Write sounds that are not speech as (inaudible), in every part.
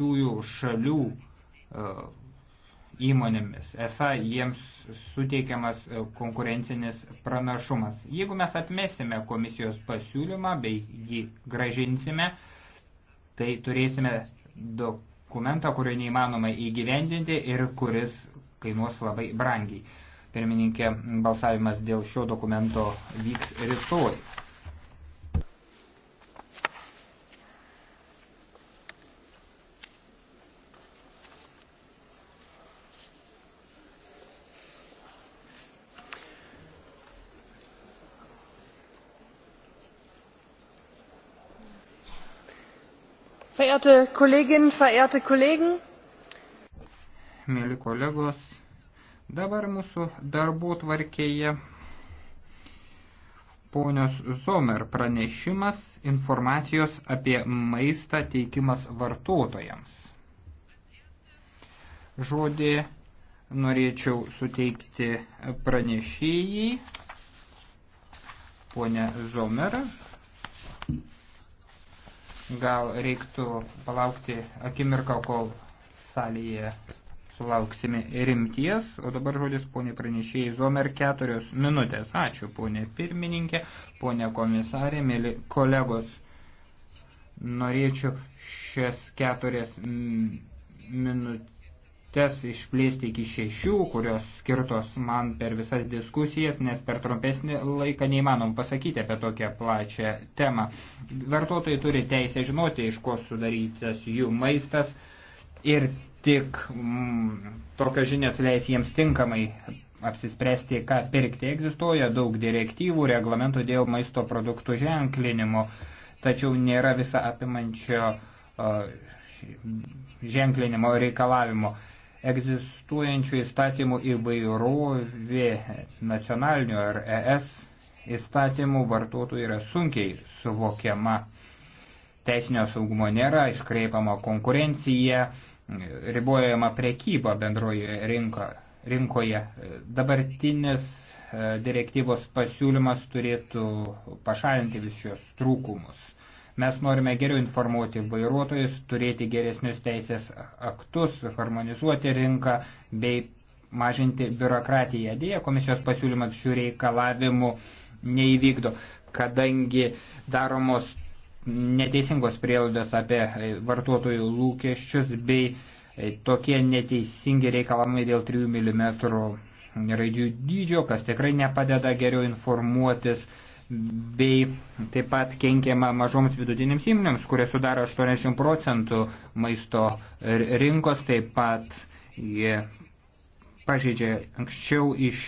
trečiųjų šalių e, įmonėmis. Esą jiems suteikiamas e, konkurencinis pranašumas. Jeigu mes atmesime komisijos pasiūlymą bei jį gražinsime, tai turėsime dokumentą, kurio neįmanoma įgyvendinti ir kuris kainuos labai brangiai. Pirmininkė, balsavimas dėl šio dokumento vyks rytoj. verehrte Kolleginnen, verehrte Kollegen. Mėly kolegos, dabar mūsų darbų tvarkėje ponios Zomer pranešimas informacijos apie maistą teikimas vartotojams. Žodį norėčiau suteikti pranešėjai, ponė Zomer. Gal reiktų palaukti akimirką, kol salėje sulauksime rimties, o dabar žodis ponė pranešėjai Zomer keturios minutės. Ačiū ponė pirmininkė, ponė komisarė, mėly kolegos. Norėčiau šias keturias minutės minutės išplėsti iki šešių, kurios skirtos man per visas diskusijas, nes per trumpesnį laiką neįmanom pasakyti apie tokią plačią temą. Vartotojai turi teisę žinoti, iš ko sudarytas jų maistas ir tik mm, tokios žinios leis jiems tinkamai apsispręsti, ką pirkti. Egzistuoja daug direktyvų, reglamentų dėl maisto produktų ženklinimo, tačiau nėra visa apimančio uh, ženklinimo reikalavimo. Egzistuojančių įstatymų įvairovė nacionalinių ar ES įstatymų vartotojų yra sunkiai suvokiama. Teisinio saugumo nėra, iškreipama konkurencija, ribojama prekyba bendroje rinko, rinkoje. Dabartinis e, direktyvos pasiūlymas turėtų pašalinti visus šios trūkumus. Mes norime geriau informuoti vairuotojus, turėti geresnius teisės aktus, harmonizuoti rinką bei mažinti biurokratiją. Dėja, komisijos pasiūlymas šių reikalavimų neįvykdo, kadangi daromos neteisingos prielaidos apie vartotojų lūkesčius bei tokie neteisingi reikalavimai dėl 3 mm raidžių dydžio, kas tikrai nepadeda geriau informuotis bei taip pat kenkiama mažoms vidutinėms įmonėms, kurie sudaro 80 procentų maisto rinkos, taip pat jie pažeidžia anksčiau iš,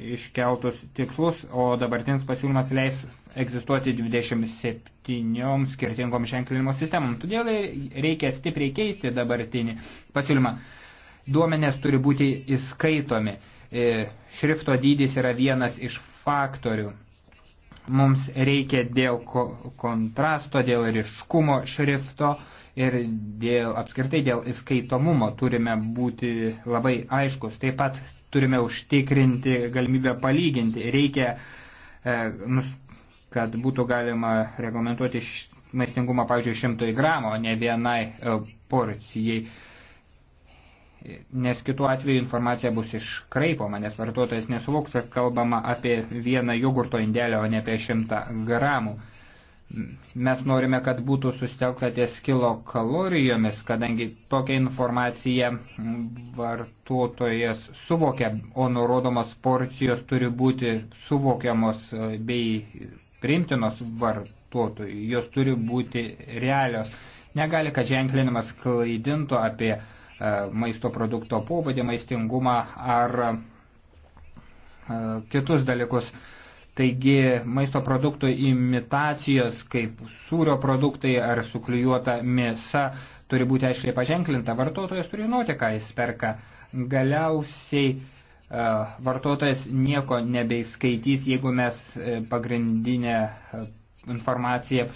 iškeltus tikslus, o dabartinis pasiūlymas leis egzistuoti 27 skirtingom ženklinimo sistemom. Todėl reikia stipriai keisti dabartinį pasiūlymą. Duomenės turi būti įskaitomi. E, šrifto dydis yra vienas iš faktorių. Mums reikia dėl kontrasto, dėl ryškumo šrifto ir dėl, apskritai dėl įskaitomumo turime būti labai aiškus. Taip pat turime užtikrinti galimybę palyginti. Reikia, e, kad būtų galima reglamentuoti maistingumą, pavyzdžiui, šimtui gramų, o ne vienai e, porcijai nes kitu atveju informacija bus iškraipoma, nes vartotojas nesuvoks, kad kalbama apie vieną jogurto indelę, o ne apie šimtą gramų. Mes norime, kad būtų sustelkta ties kilo kalorijomis, kadangi tokią informaciją vartotojas suvokia, o nurodomos porcijos turi būti suvokiamos e, bei priimtinos vartotojui, jos turi būti realios. Negali, kad ženklinimas klaidintų apie uh, E, maisto produkto pobūdį, maistingumą ar e, kitus dalykus. Taigi maisto produktų imitacijos kaip sūrio produktai ar suklijuota mėsa turi būti aiškiai paženklinta. Vartotojas turi žinoti, ką jis perka. Galiausiai e, vartotojas nieko nebeiskaitys, jeigu mes pagrindinę informaciją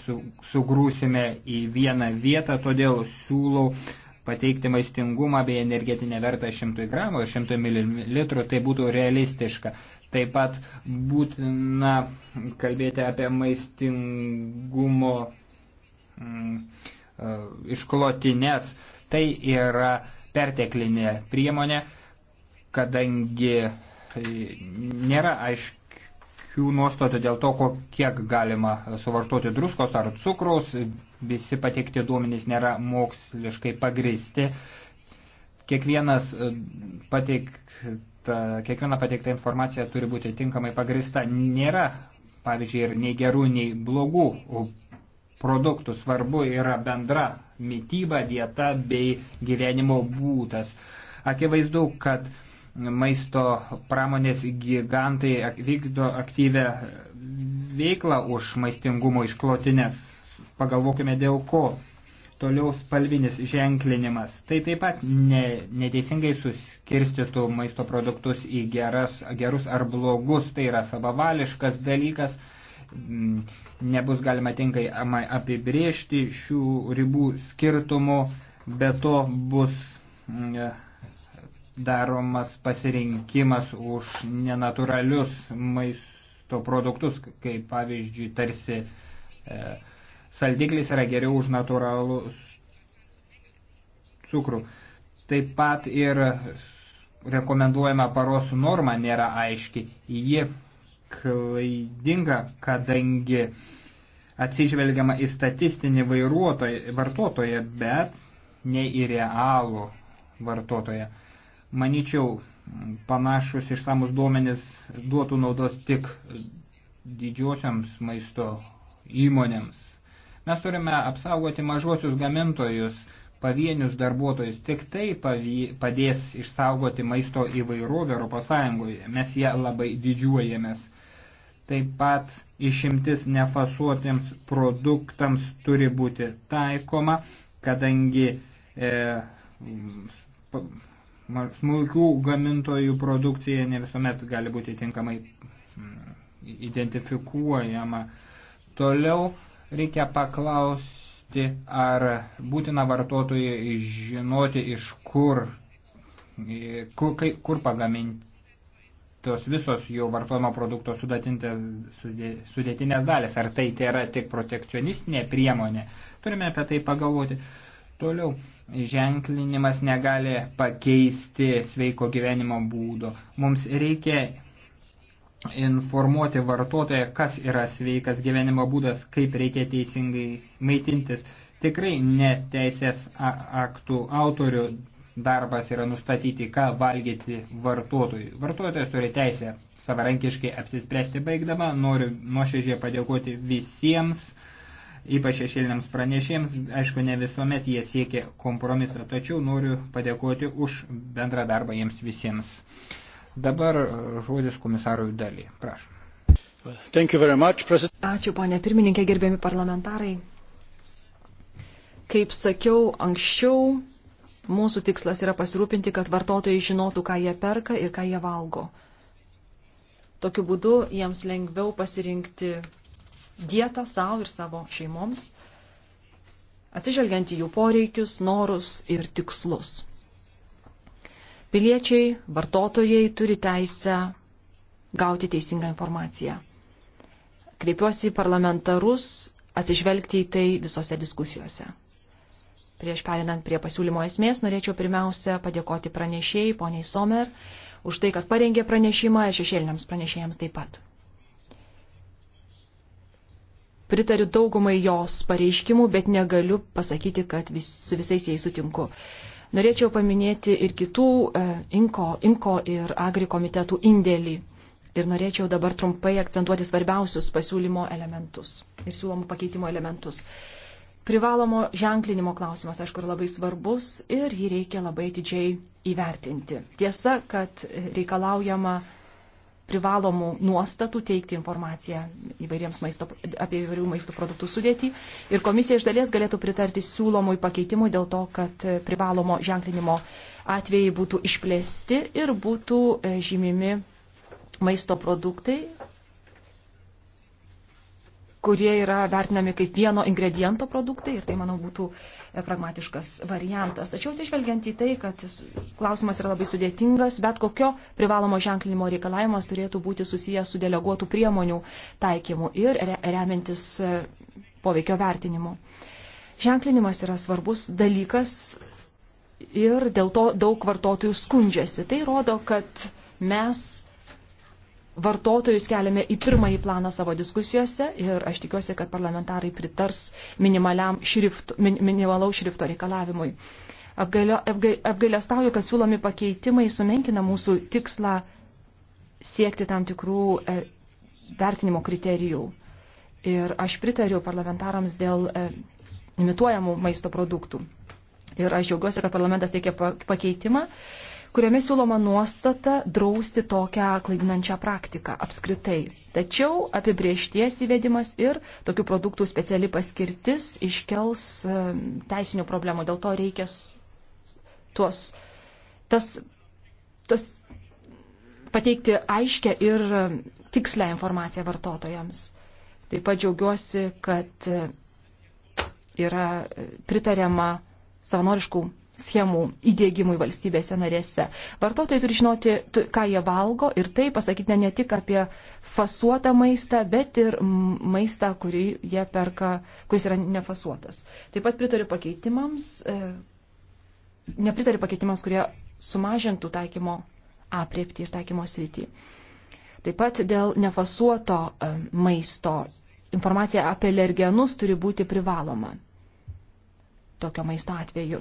sugrūsime į vieną vietą, todėl siūlau uh, pateikti maistingumą bei energetinę vertą 100 gramų ir 100 ml, tai būtų realistiška. Taip pat būtina kalbėti apie maistingumo mm, e, išklotines. Tai yra perteklinė priemonė, kadangi e, nėra aiškiai jų nuostatų dėl to, kiek galima suvartoti druskos ar cukraus, visi pateikti duomenys nėra moksliškai pagristi. Kiekvienas e, pateikta, kiekviena pateikta informacija turi būti tinkamai pagrista. Nėra, pavyzdžiui, ir nei gerų, nei blogų produktų. Svarbu yra bendra mytyba, dieta bei gyvenimo būtas. Akivaizdu, kad maisto pramonės gigantai vykdo aktyvę veiklą už maistingumo išklotinės pagalvokime dėl ko. Toliau spalvinis ženklinimas. Tai taip pat ne, neteisingai suskirstytų maisto produktus į geras, gerus ar blogus. Tai yra savavališkas dalykas. Mm, nebus galima tinkai apibriežti šių ribų skirtumų. Be to bus mm, daromas pasirinkimas už nenaturalius maisto produktus, kaip pavyzdžiui, tarsi e, saldiklis yra geriau už natūralų cukrų. Taip pat ir rekomenduojama paros norma nėra aiški. Ji klaidinga, kadangi atsižvelgiama į statistinį vartotoją, bet ne į realų vartotoją. Maničiau, panašus išsamus duomenis duotų naudos tik didžiosiams maisto įmonėms. Mes turime apsaugoti mažuosius gamintojus, pavienius darbuotojus. Tik tai pavy, padės išsaugoti maisto įvairovę Europos Sąjungoje. Mes ją labai didžiuojamės. Taip pat išimtis nefasuotiems produktams turi būti taikoma, kadangi e, smulkių gamintojų produkcija ne visuomet gali būti tinkamai mm, identifikuojama. Toliau Reikia paklausti, ar būtina vartotojai žinoti, iš kur, e, kur, kai, kur pagamintos visos jo vartojimo produkto sudėtinės dalis. Ar tai tai yra tik protekcionistinė priemonė? Turime apie tai pagalvoti. Toliau ženklinimas negali pakeisti sveiko gyvenimo būdo. Mums reikia informuoti vartotoje, kas yra sveikas gyvenimo būdas, kaip reikia teisingai maitintis. Tikrai neteisės aktų autorių darbas yra nustatyti, ką valgyti vartotojui. Vartotojas turi teisę savarankiškai apsispręsti baigdama. Noriu nuoširdžiai padėkoti visiems, ypač šešėliniams pranešėjams. Aišku, ne visuomet jie siekia kompromiso, tačiau noriu padėkoti už bendrą darbą jiems visiems. Dabar žodis komisarui dalį. Prašom. Much, Ačiū, ponė pirmininkė, gerbiami parlamentarai. Kaip sakiau anksčiau, mūsų tikslas yra pasirūpinti, kad vartotojai žinotų, ką jie perka ir ką jie valgo. Tokiu būdu jiems lengviau pasirinkti dietą savo ir savo šeimoms, atsižvelgiant į jų poreikius, norus ir tikslus. Piliečiai, vartotojai turi teisę gauti teisingą informaciją. Kreipiuosi į parlamentarus atsižvelgti į tai visose diskusijose. Prieš perinant prie pasiūlymo esmės, norėčiau pirmiausia padėkoti pranešėjai, poniai Somer, už tai, kad parengė pranešimą ir šešėliniams pranešėjams taip pat. Pritariu daugumai jos pareiškimų, bet negaliu pasakyti, kad vis, su visais jais sutinku. Uh, Norėčiau paminėti ir kitų e, INKO, INKO ir AGRI komitetų indėlį. Ir norėčiau dabar trumpai akcentuoti svarbiausius pasiūlymo elementus ir siūlomų pakeitimo elementus. Privalomo ženklinimo klausimas, aišku, yra labai svarbus ir jį reikia labai atidžiai įvertinti. Tiesa, kad reikalaujama privalomų nuostatų teikti informaciją maisto, apie įvairių maisto produktų sudėtį. Ir komisija iš dalies galėtų pritarti siūlomui pakeitimui dėl to, kad privalomo ženklinimo atvejai būtų išplėsti ir būtų e, žymimi maisto produktai, kurie yra vertinami kaip vieno ingrediento produktai. Ir tai, manau, būtų pragmatiškas variantas. Tačiau atsižvelgiant į tai, kad klausimas yra labai sudėtingas, bet kokio privalomo ženklinimo reikalavimas turėtų būti susijęs su deleguotų priemonių taikymu ir remiantis e, poveikio vertinimu. Ženklinimas yra svarbus dalykas ir dėl to daug vartotojų skundžiasi. Tai rodo, kad mes vartotojus keliame į pirmąjį planą savo diskusijose ir aš tikiuosi, kad parlamentarai pritars šrift, min, minimalaus šrifto reikalavimui. Apgailestauju, kad siūlomi pakeitimai sumenkina mūsų tikslą siekti tam tikrų e, vertinimo kriterijų. Ir aš pritariu parlamentarams dėl e, imituojamų maisto produktų. Ir aš džiaugiuosi, kad parlamentas teikia pakeitimą, e, kuriame siūloma nuostata drausti tokią klaidinančią praktiką apskritai. Tačiau apibriešties įvedimas ir tokių produktų speciali paskirtis iškels e, teisinių problemų. Dėl to reikia tuos, tas, tas pateikti aiškę ir e, tikslę informaciją vartotojams. Taip pat džiaugiuosi, kad e, yra pritariama savanoriškų schemų įdėgymui valstybėse narėse. Vartotojai turi žinoti, ką jie valgo ir tai pasakyti ne tik apie fasuotą maistą, bet ir maistą, kurį jie perka, kuris yra nefasuotas. Taip pat pritariu pakeitimams, e, nepritariu pakeitimams, kurie sumažintų taikymo apriepti ir taikymo srity. Taip pat dėl nefasuoto e, maisto informacija apie alergenus turi būti privaloma tokio maisto atveju.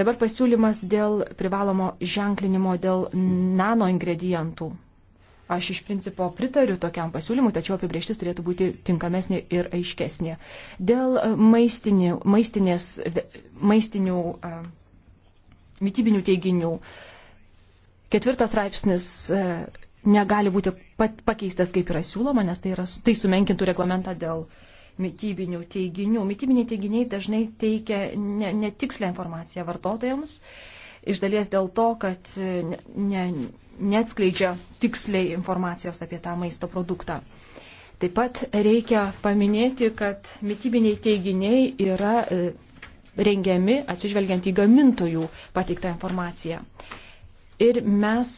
Dabar pasiūlymas dėl privalomo ženklinimo dėl nano ingredientų. Aš iš principo pritariu tokiam pasiūlymui, tačiau apibrieštis turėtų būti tinkamesnė ir aiškesnė. Dėl maistinių, maistinės, maistinių uh, mytybinių teiginių. Ketvirtas raipsnis uh, negali būti pakeistas, kaip yra siūloma, nes tai, yra, tai sumenkintų reglamentą dėl uh, mytybinių teiginių. Mytybiniai teiginiai dažnai teikia netikslę ne informaciją vartotojams, iš dalies dėl to, kad ne, ne, neatskleidžia tiksliai informacijos apie tą maisto produktą. Taip pat reikia paminėti, kad mytybiniai teiginiai yra e, rengiami atsižvelgiant į gamintojų pateiktą informaciją. Ir mes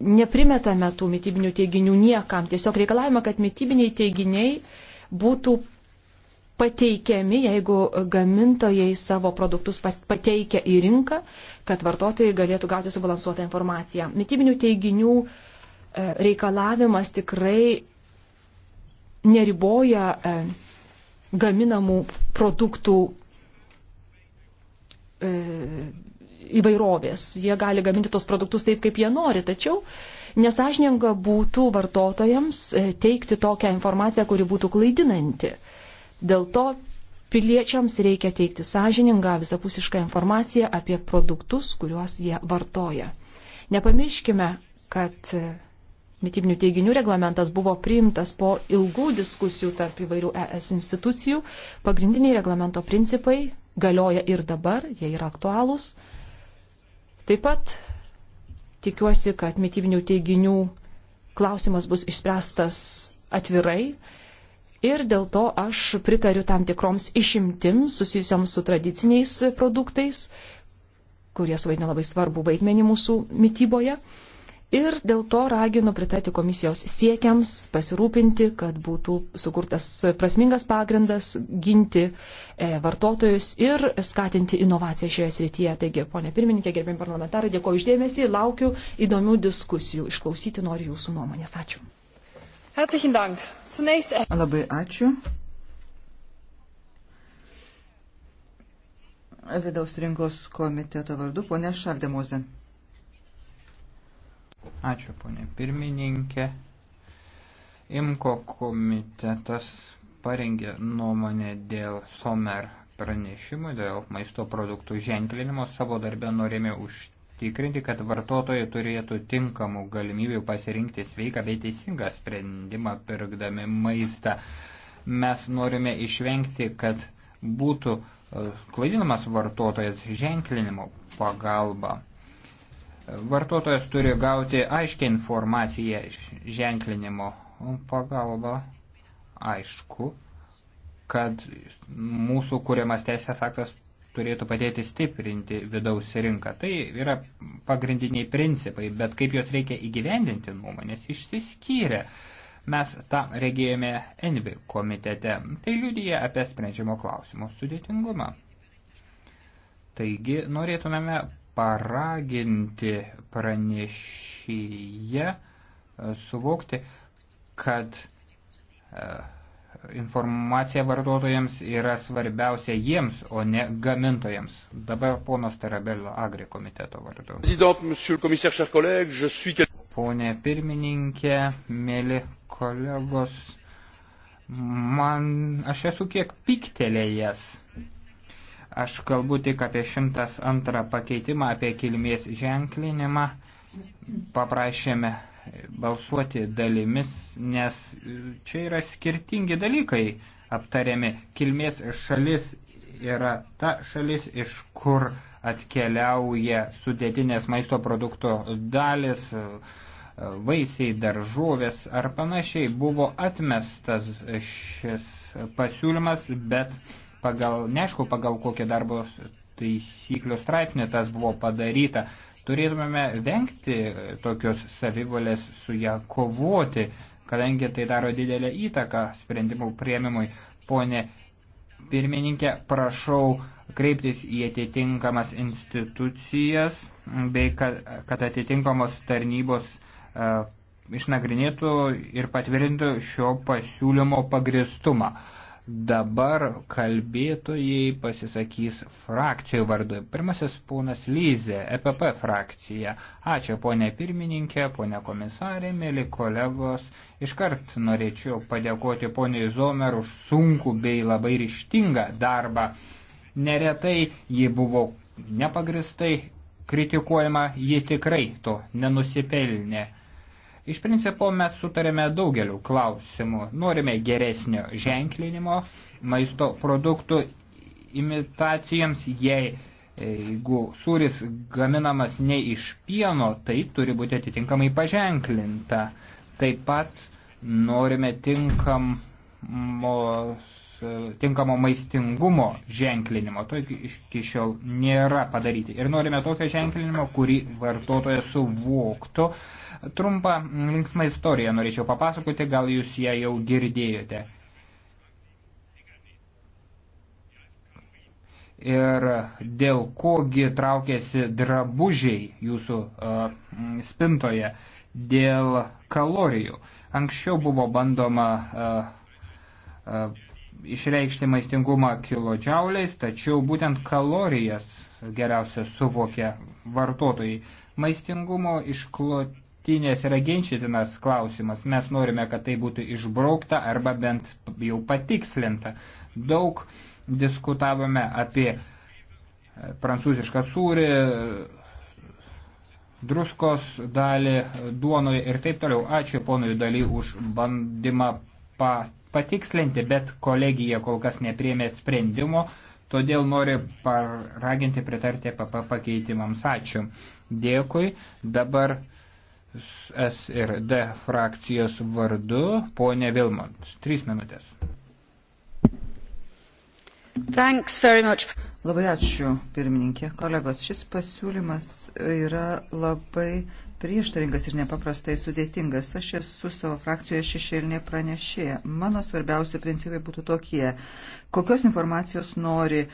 neprimetame tų mytybinių teiginių niekam, tiesiog reikalavime, kad mytybiniai teiginiai būtų pateikiami, jeigu gamintojai savo produktus pateikia į rinką, kad vartotojai galėtų gauti subalansuotą informaciją. Mytybinių teiginių e, reikalavimas tikrai neriboja e, gaminamų produktų e, įvairovės. Jie gali gaminti tos produktus taip, kaip jie nori, tačiau uh, Nesažininga būtų vartotojams e, teikti tokią informaciją, kuri būtų klaidinanti. Dėl to piliečiams reikia teikti sąžiningą visapusišką informaciją apie produktus, kuriuos jie vartoja. Nepamirškime, kad e, mitybinių teiginių reglamentas buvo priimtas po ilgų diskusijų tarp įvairių ES institucijų. Pagrindiniai reglamento principai galioja ir dabar, jie yra aktualūs. Taip pat Tikiuosi, kad mytybinių teiginių klausimas bus išspręstas atvirai. Ir dėl to aš pritariu tam tikroms išimtims susijusioms su tradiciniais produktais, kurie suvaidina labai svarbu vaidmenį mūsų mytyboje. Ir dėl to raginu pritarti komisijos siekiams pasirūpinti, kad būtų sukurtas prasmingas pagrindas ginti e, vartotojus ir skatinti inovaciją šioje srityje. Taigi, ponė pirmininkė, gerbėjim parlamentarai, dėkoju išdėmesį, laukiu įdomių diskusijų. Išklausyti noriu jūsų nuomonės. Ačiū. E- Labai ačiū. Vidaus rinkos komiteto vardu, ponė Šaldemozė. Ačiū, ponė pirmininkė. Imko komitetas parengė nuomonę dėl Somer pranešimų, dėl maisto produktų ženklinimo. Savo darbę norėjome užtikrinti, kad vartotojai turėtų tinkamų galimybių pasirinkti sveiką bei teisingą sprendimą pirkdami maistą. Mes norime išvengti, kad būtų e, klaidinamas vartotojas ženklinimo pagalba. Vartotojas turi gauti aiškę informaciją ženklinimo pagalba. Aišku, kad mūsų kuriamas teisės aktas turėtų padėti stiprinti vidaus rinką. Tai yra pagrindiniai principai, bet kaip juos reikia įgyvendinti nuomonės išsiskyrė. Mes tą regėjome Envi komitete. Tai liudyja apie sprendžiamo klausimo sudėtingumą. Taigi norėtumėme paraginti pranešyje e, suvokti, kad e, informacija vartotojams yra svarbiausia jiems, o ne gamintojams. Dabar ponas Tarabello Agri komiteto vardu. Pone pirmininkė, mėly kolegos, man aš esu kiek piktelėjęs Aš kalbu tik apie 102 pakeitimą, apie kilmės ženklinimą. Paprašėme balsuoti dalimis, nes čia yra skirtingi dalykai aptariami. Kilmės šalis yra ta šalis, iš kur atkeliauja sudėtinės maisto produkto dalis, vaisiai, daržovės ar panašiai. Buvo atmestas šis pasiūlymas, bet pagal, neaišku, pagal kokią darbo taisyklių straipsnį tas buvo padaryta. Turėtumėme vengti tokios savivalės su ją kovoti, kadangi tai daro didelę įtaką sprendimų prieimimui. Pone pirmininkė, prašau kreiptis į atitinkamas institucijas, bei kad, kad atitinkamos tarnybos uh, išnagrinėtų ir patvirtintų šio pasiūlymo pagristumą. Uh, Dabar kalbėtojai pasisakys frakcijų vardu. Pirmasis ponas Lyzė, EPP frakcija. Ačiū ponė pirmininkė, ponė komisarė, mėly kolegos. Iškart norėčiau padėkoti poniai Zomer už sunkų bei labai ryštingą darbą. Neretai ji buvo nepagristai kritikuojama, ji tikrai to nenusipelnė Iš principo mes sutarėme daugeliu klausimų. Norime geresnio ženklinimo maisto produktų imitacijoms, jei jeigu sūris gaminamas ne iš pieno, tai turi būti atitinkamai paženklinta. Taip pat norime tinkamos tinkamo maistingumo ženklinimo. To iki šiol nėra padaryti. Ir norime tokio ženklinimo, kurį vartotojas suvoktų. Trumpą linksmą istoriją norėčiau papasakoti, gal jūs ją jau girdėjote. ir dėl kogi traukėsi drabužiai jūsų uh, spintoje dėl kalorijų. Anksčiau buvo bandoma uh, uh, išreikšti maistingumą kilodžiauliais, tačiau būtent kalorijas geriausia suvokia vartotojai. Maistingumo išklotinės yra ginčytinas klausimas. Mes norime, kad tai būtų išbraukta arba bent jau patikslinta. Daug diskutavome apie e, prancūzišką sūrį, druskos dalį duonoje ir taip toliau. Ačiū ponui daly už bandymą pat patikslinti, bet kolegija kol kas nepriemė sprendimo, todėl noriu paraginti pritarti PP pakeitimams. Ačiū. Dėkui. Dabar S ir D frakcijos vardu ponė Vilmont. Trys minutės. Thanks very much. Labai ačiū, pirmininkė. Kolegos, šis pasiūlymas yra labai prieštaringas ir nepaprastai sudėtingas. Aš esu savo frakcijoje šešėlinė pranešėja. Mano svarbiausi principai būtų tokie kokios informacijos nori e,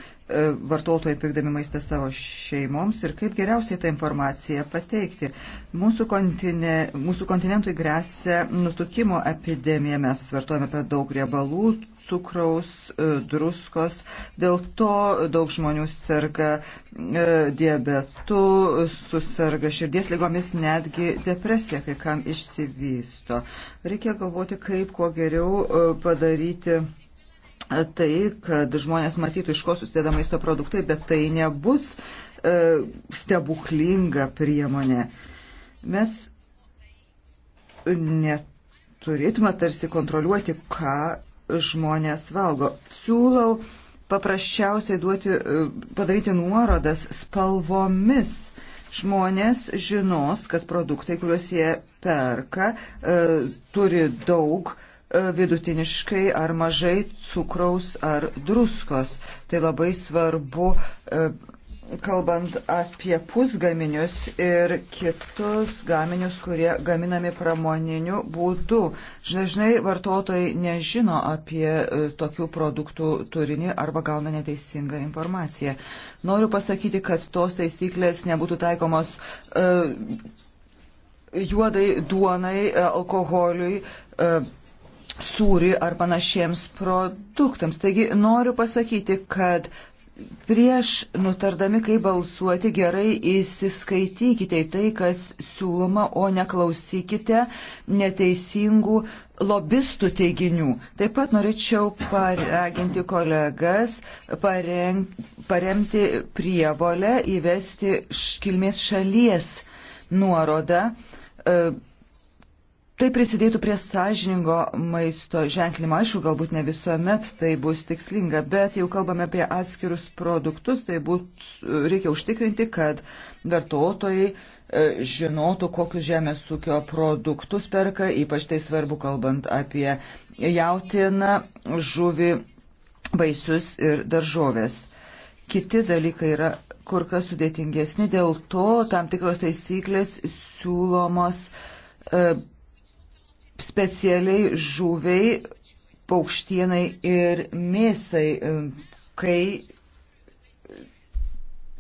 vartotojai pirkdami maistą savo šeimoms ir kaip geriausiai tą informaciją pateikti. Mūsų, kontine, mūsų kontinentui grėsia nutukimo epidemija, mes vartojame per daug riebalų, cukraus, e, druskos, dėl to daug žmonių serga e, diabetu, susirga širdies lygomis, netgi depresija, kai kam išsivysto. Reikia galvoti, kaip kuo geriau padaryti tai, kad žmonės matytų, iš ko susideda maisto produktai, bet tai nebus e, stebuklinga priemonė. Mes neturėtume tarsi kontroliuoti, ką žmonės valgo. Siūlau paprasčiausiai duoti, e, padaryti nuorodas spalvomis žmonės žinos, kad produktai, kuriuos jie perka, e, turi daug E, vidutiniškai ar mažai cukraus ar druskos. Tai labai svarbu, e, kalbant apie pusgaminius ir kitus gaminius, kurie gaminami pramoniniu būdu. Dažnai vartotojai nežino apie e, tokių produktų turinį arba gauna neteisingą informaciją. Noriu pasakyti, kad tos taisyklės nebūtų taikomos. Uh, juodai duonai, alkoholiui, uh, sūri ar panašiems produktams. Taigi noriu pasakyti, kad prieš nutardami, kaip balsuoti, gerai įsiskaitykite į tai, kas siūloma, o neklausykite neteisingų lobistų teiginių. Taip pat norėčiau paraginti kolegas pareng, paremti prievolę įvesti kilmės šalies nuorodą. E, Tai prisidėtų prie sąžiningo maisto ženklimo. Aišku, galbūt ne visuomet tai bus tikslinga, bet jau kalbame apie atskirus produktus, tai būt, reikia užtikrinti, kad vartotojai e, žinotų, kokius žemės ūkio produktus perka, ypač tai svarbu kalbant apie jautieną, žuvį, vaisius ir daržovės. Kiti dalykai yra kur kas sudėtingesni, dėl to tam tikros taisyklės siūlomos. E, specialiai žuviai, paukštienai ir mėsai, e, kai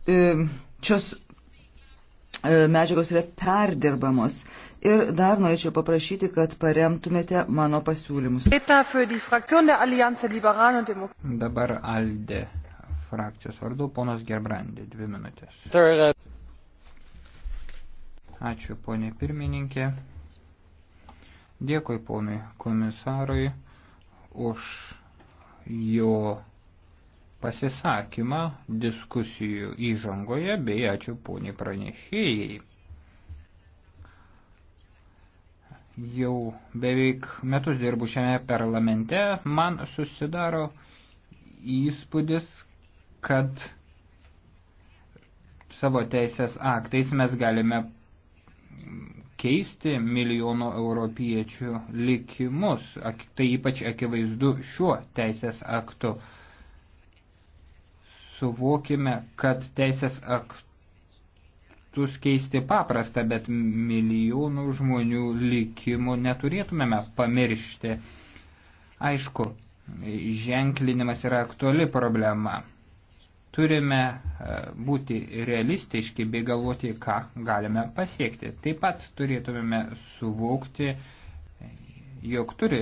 e, šios e, medžiagos yra perdirbamos. Ir dar norėčiau paprašyti, kad paremtumėte mano pasiūlymus. Dabar Alde frakcijos vardu, ponas Gerbrandi, dvi minutės. Uh, Ačiū, ponė pirmininkė. Dėkui ponui komisarui už jo pasisakymą diskusijų įžangoje, bei ačiū poniai pranešėjai. Jau beveik metus dirbu šiame parlamente, man susidaro įspūdis, kad savo teisės aktais mes galime keisti milijono europiečių likimus. Tai ypač akivaizdu šiuo teisės aktu. Suvokime, kad teisės aktus keisti paprasta, bet milijonų žmonių likimų neturėtumėme pamiršti. Aišku, ženklinimas yra aktuali problema. Turime e, būti realistiški bei galvoti, ką galime pasiekti. Taip pat turėtumėme suvokti, jog turi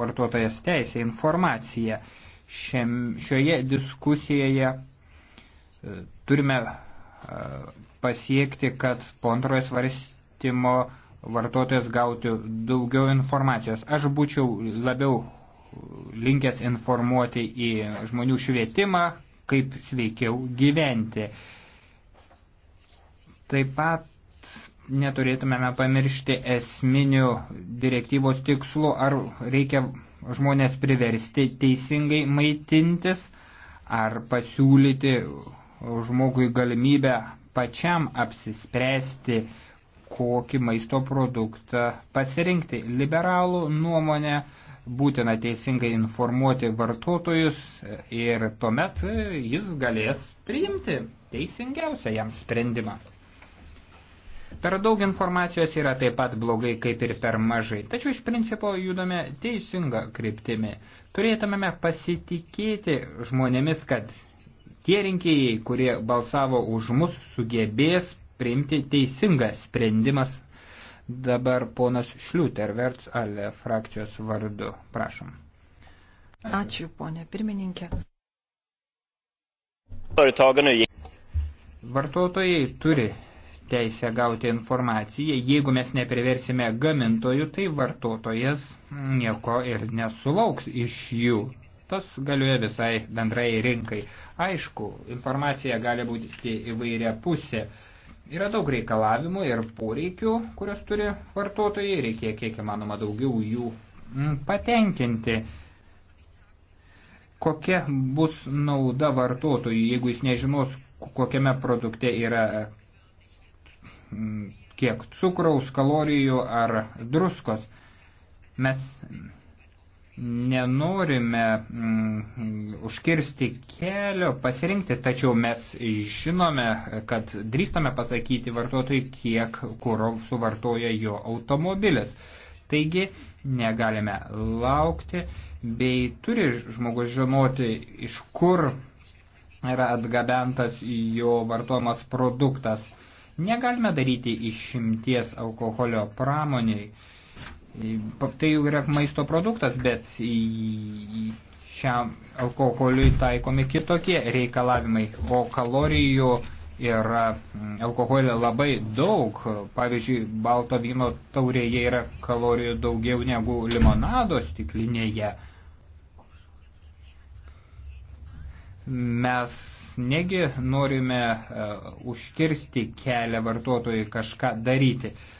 vartotojas teisę informaciją. Šiam, šioje diskusijoje e, turime e, pasiekti, kad po antrojo svarstymo vartotojas gauti daugiau informacijos. Aš būčiau labiau linkęs informuoti į žmonių švietimą, kaip sveikiau gyventi. Taip pat neturėtumėme pamiršti esminių direktyvos tikslų, ar reikia žmonės priversti teisingai maitintis, ar pasiūlyti žmogui galimybę pačiam apsispręsti, kokį maisto produktą pasirinkti. Liberalų nuomonė būtina teisingai informuoti vartotojus ir tuomet jis galės priimti teisingiausią jam sprendimą. Per daug informacijos yra taip pat blogai kaip ir per mažai, tačiau iš principo judame teisinga kryptimi. Turėtumėme pasitikėti žmonėmis, kad tie rinkėjai, kurie balsavo už mus, sugebės priimti teisingą sprendimas Dabar ponas Šliuterverts Ale frakcijos vardu. Prašom. Ačiū, ponė pirmininkė. Vartotojai turi teisę gauti informaciją. Jeigu mes nepriversime gamintojų, tai vartotojas nieko ir nesulauks iš jų. Tas galioja visai bendrai rinkai. Aišku, informacija gali būti įvairia pusė. Yra daug reikalavimų ir poreikių, kurios turi vartotojai, reikia kiek įmanoma daugiau jų mm, patenkinti. Kokia bus nauda vartotojui, jeigu jis nežinos, kokiame produkte yra mm, kiek cukraus, kalorijų ar druskos. Mes nenorime mm, užkirsti kelio pasirinkti, tačiau mes žinome, kad drįstame pasakyti vartotojui, kiek kūro suvartoja jo automobilis. Taigi negalime laukti, bei turi žmogus žinoti, iš kur yra atgabentas jo vartojamas produktas. Negalime daryti išimties alkoholio pramoniai. Iš Tai jau yra maisto produktas, bet šiam alkoholiui taikomi kitokie reikalavimai, o kalorijų yra alkoholė labai daug. Pavyzdžiui, balto vyno taurėje yra kalorijų daugiau negu limonado stiklinėje. Mes negi norime uh, užkirsti kelią vartotojui kažką daryti. Uh,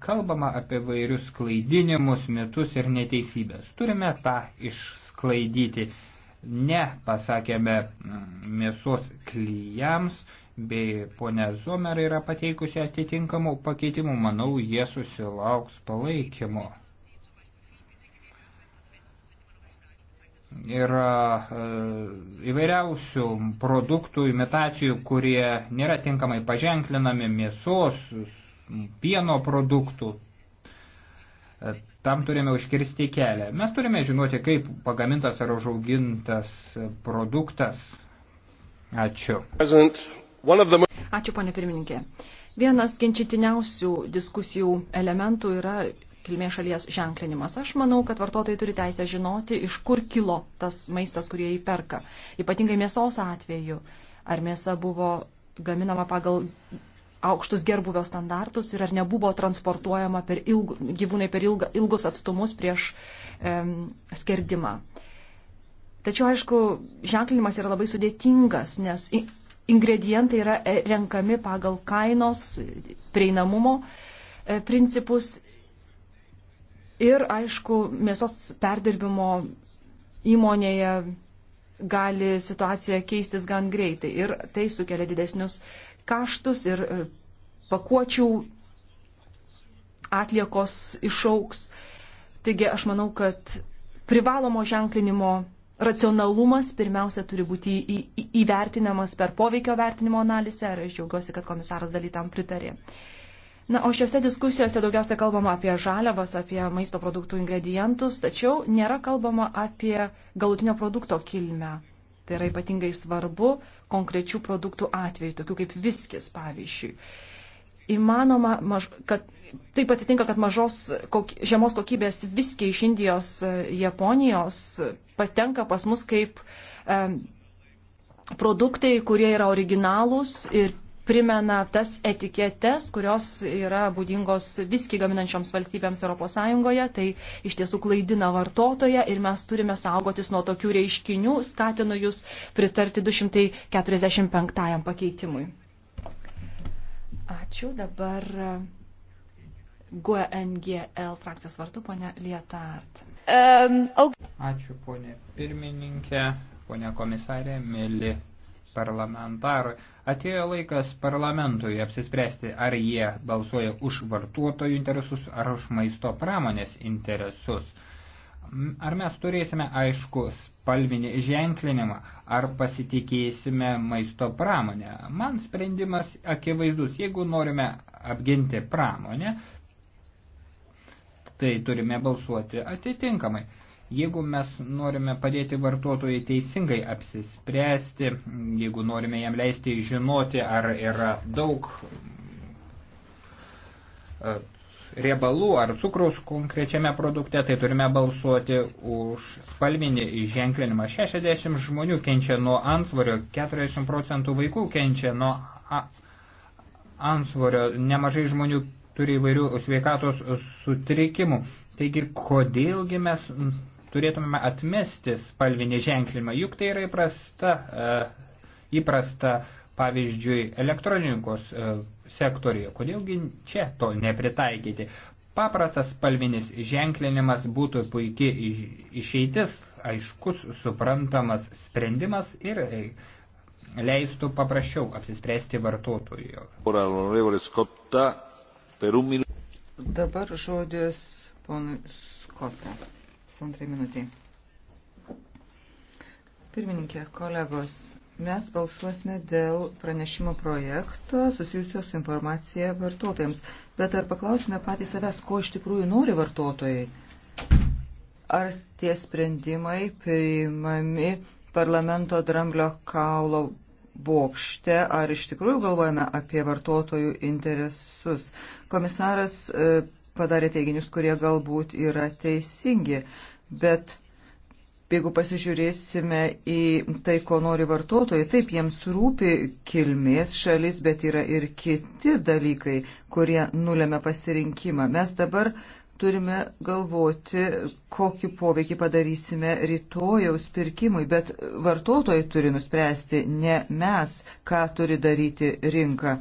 kalbama apie vairius klaidinimus, mitus ir neteisybės. Turime tą išsklaidyti. Ne, pasakėme mm, mėsos klyjams, bei ponė Zomer yra pateikusi atitinkamų pakeitimų, manau, jie susilauks palaikymo. Yra e, įvairiausių produktų imitacijų, kurie nėra tinkamai paženklinami mėsos, pieno produktų. Tam turime užkirsti kelią. Mes turime žinoti, kaip pagamintas ar užaugintas produktas. Ačiū. Ačiū, ponė pirmininkė. Vienas ginčytiniausių diskusijų elementų yra kilmės šalies ženklinimas. Aš manau, kad vartotojai turi teisę žinoti, iš kur kilo tas maistas, kurį jie įperka. Ypatingai mėsos atveju. Ar mėsa buvo gaminama pagal aukštus gerbuvio standartus ir ar nebuvo transportuojama per ilg, gyvūnai per ilga, ilgus atstumus prieš um, e, skerdimą. Tačiau, aišku, ženklinimas yra labai sudėtingas, nes ingredientai yra e, renkami pagal kainos, prieinamumo e, principus ir, aišku, mėsos perdirbimo įmonėje gali situacija keistis gan greitai ir tai sukelia didesnius kaštus ir e, pakuočių atliekos išauks. Taigi aš manau, kad privalomo ženklinimo racionalumas pirmiausia turi būti į, į, įvertinamas per poveikio vertinimo analizę ir aš džiaugiuosi, kad komisaras daly tam pritarė. Na, o šiuose diskusijose daugiausia kalbama apie žaliavas, apie maisto produktų ingredientus, tačiau nėra kalbama apie galutinio produkto kilmę. Tai yra ypatingai svarbu konkrečių produktų atveju, tokių kaip viskis, pavyzdžiui. Įmanoma, maž, kad taip atsitinka, kad mažos kok, žemos kokybės viskiai iš Indijos, e, Japonijos patenka pas mus kaip e, produktai, kurie yra originalūs ir primena tas etiketes, kurios yra būdingos viskį gaminančioms valstybėms ES, tai iš tiesų klaidina vartotoją ir mes turime saugotis nuo tokių reiškinių, skatinu jūs pritarti 245 pakeitimui. Ačiū. Dabar uh, GNGL e frakcijos vartų, ponia Lietart. Um, aug... Ačiū, ponė pirmininkė, ponė komisarė, mėly parlamentarai. Atėjo laikas parlamentui apsispręsti, ar jie balsuoja už vartotojų interesus ar už maisto pramonės interesus. Ar mes turėsime aišku spalvinį ženklinimą, ar pasitikėsime maisto pramonę. Man sprendimas akivaizdus. Jeigu norime apginti pramonę, tai turime balsuoti atitinkamai. Jeigu mes norime padėti vartotojai teisingai apsispręsti, jeigu norime jam leisti žinoti, ar yra daug e, riebalų ar cukraus konkrečiame produkte, tai turime balsuoti už spalminį ženklinimą. 60 žmonių kenčia nuo ansvario, 40 procentų vaikų kenčia nuo ansvario, nemažai žmonių turi įvairių sveikatos sutrikimų. Taigi, kodėlgi mes turėtumėme atmesti spalvinį ženklimą, juk tai yra įprasta, e, įprasta pavyzdžiui, elektronikos e, sektorijoje. Kodėlgi čia to nepritaikyti? Paprastas spalvinis ženklinimas būtų puikiai išeitis, aiškus, suprantamas sprendimas ir e, leistų paprasčiau apsispręsti vartotojų. Dabar žodis ponui Skotui pusantrai minutiai. Pirmininkė, kolegos, mes balsuosime dėl pranešimo projekto susijusio su informacija vartotojams. Bet ar paklausime patys savęs, ko iš tikrųjų nori vartotojai? Ar tie sprendimai priimami parlamento dramblio kaulo bokšte, ar iš tikrųjų galvojame apie vartotojų interesus? Komisaras e, padarė teiginius, kurie galbūt yra teisingi, bet jeigu pasižiūrėsime į tai, ko nori vartotojai, taip jiems rūpi kilmės šalis, bet yra ir kiti dalykai, kurie nulėmė pasirinkimą. Mes dabar uh, turime galvoti, kokį poveikį padarysime rytojaus pirkimui, bet vartotojai turi nuspręsti, ne mes, ką turi daryti rinka.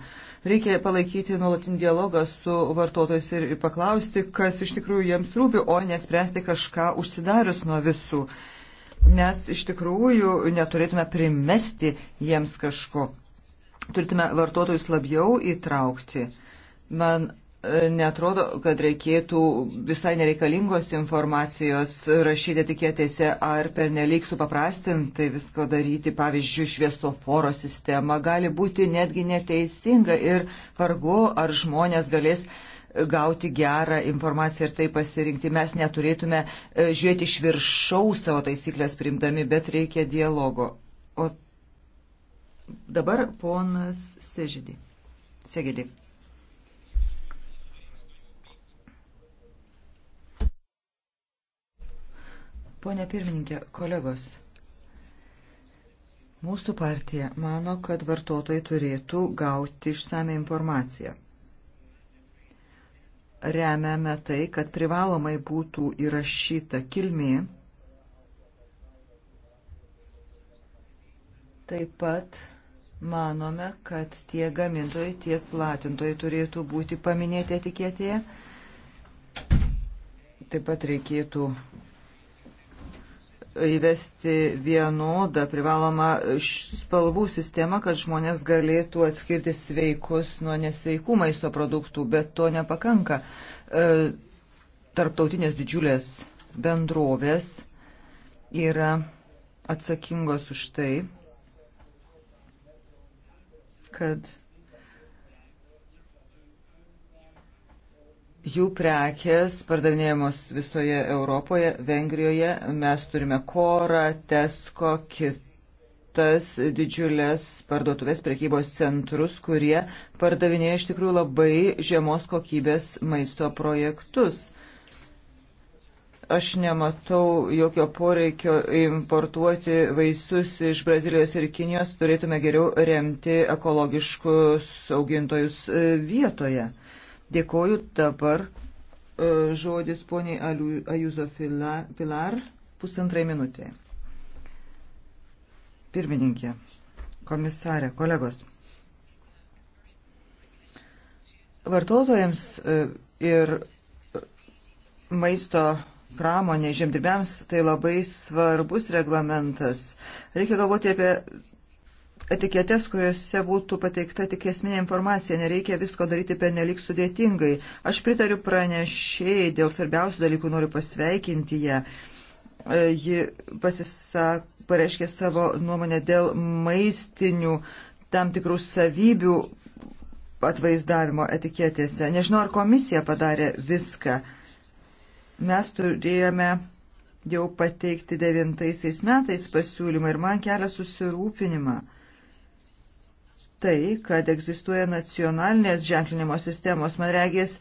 Reikia palaikyti nuolatinį dialogą su vartotojais ir paklausti, kas iš tikrųjų jiems rūpi, o nespręsti kažką užsidarius nuo visų. Mes iš tikrųjų neturėtume primesti jiems kažko. Turėtume vartotojus labiau įtraukti. Man netrodo, kad reikėtų visai nereikalingos informacijos rašyti etiketėse ar pernelyg supaprastintai visko daryti, pavyzdžiui, šviesoforo sistema gali būti netgi neteisinga ir vargu ar žmonės galės gauti gerą informaciją ir tai pasirinkti. Mes neturėtume e, žiūrėti iš viršaus savo taisyklės primdami, bet reikia dialogo. O dabar ponas Sežidį. Segedį. Pone pirmininkė, kolegos, mūsų partija mano, kad vartotojai turėtų gauti išsame informaciją. Remiame tai, kad privalomai būtų įrašyta kilmė, taip pat manome, kad tiek gamintojai, tiek platintojai turėtų būti paminėti etiketėje. Taip pat reikėtų įvesti vienodą privalomą spalvų sistemą, kad žmonės galėtų atskirti sveikus nuo nesveikų maisto produktų, bet to nepakanka. E, tarptautinės didžiulės bendrovės yra atsakingos už tai, kad jų prekės pardavinėjamos visoje Europoje, Vengrijoje. Mes turime Korą, Tesco, kitas didžiulės parduotuvės prekybos centrus, kurie pardavinėja iš tikrųjų labai žemos kokybės maisto projektus. Aš nematau jokio poreikio importuoti vaisius iš Brazilijos ir Kinijos, turėtume geriau remti ekologiškus augintojus e, vietoje. Dėkoju dabar e, žodis poniai Ajuzo Pilar pusantrai minutė. Pirmininkė, komisarė, kolegos. Vartotojams e, ir maisto pramonė žemdirbiams tai labai svarbus reglamentas. Reikia galvoti apie etiketės, kuriuose būtų pateikta tik esminė informacija, nereikia visko daryti pernelik sudėtingai. Aš pritariu pranešėjai, dėl svarbiausių dalykų noriu pasveikinti ją. E, ji pasisak, pareiškė savo nuomonę dėl maistinių tam tikrų savybių atvaizdavimo etiketėse. Nežinau, ar komisija padarė viską. Mes turėjome jau pateikti devintaisiais metais pasiūlymą ir man kelia susirūpinimą tai, kad egzistuoja nacionalinės ženklinimo sistemos. Man regis,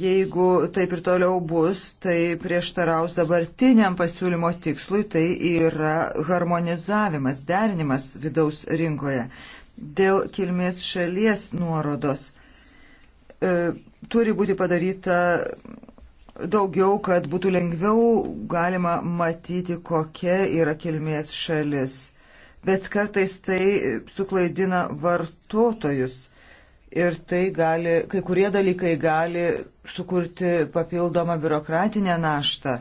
jeigu taip ir toliau bus, tai prieštaraus dabartiniam pasiūlymo tikslui, tai yra harmonizavimas, derinimas vidaus rinkoje. Dėl kilmės šalies nuorodos e, turi būti padaryta daugiau, kad būtų lengviau galima matyti, kokia yra kilmės šalis bet kartais tai suklaidina vartotojus. Ir tai gali, kai kurie dalykai gali sukurti papildomą biurokratinę naštą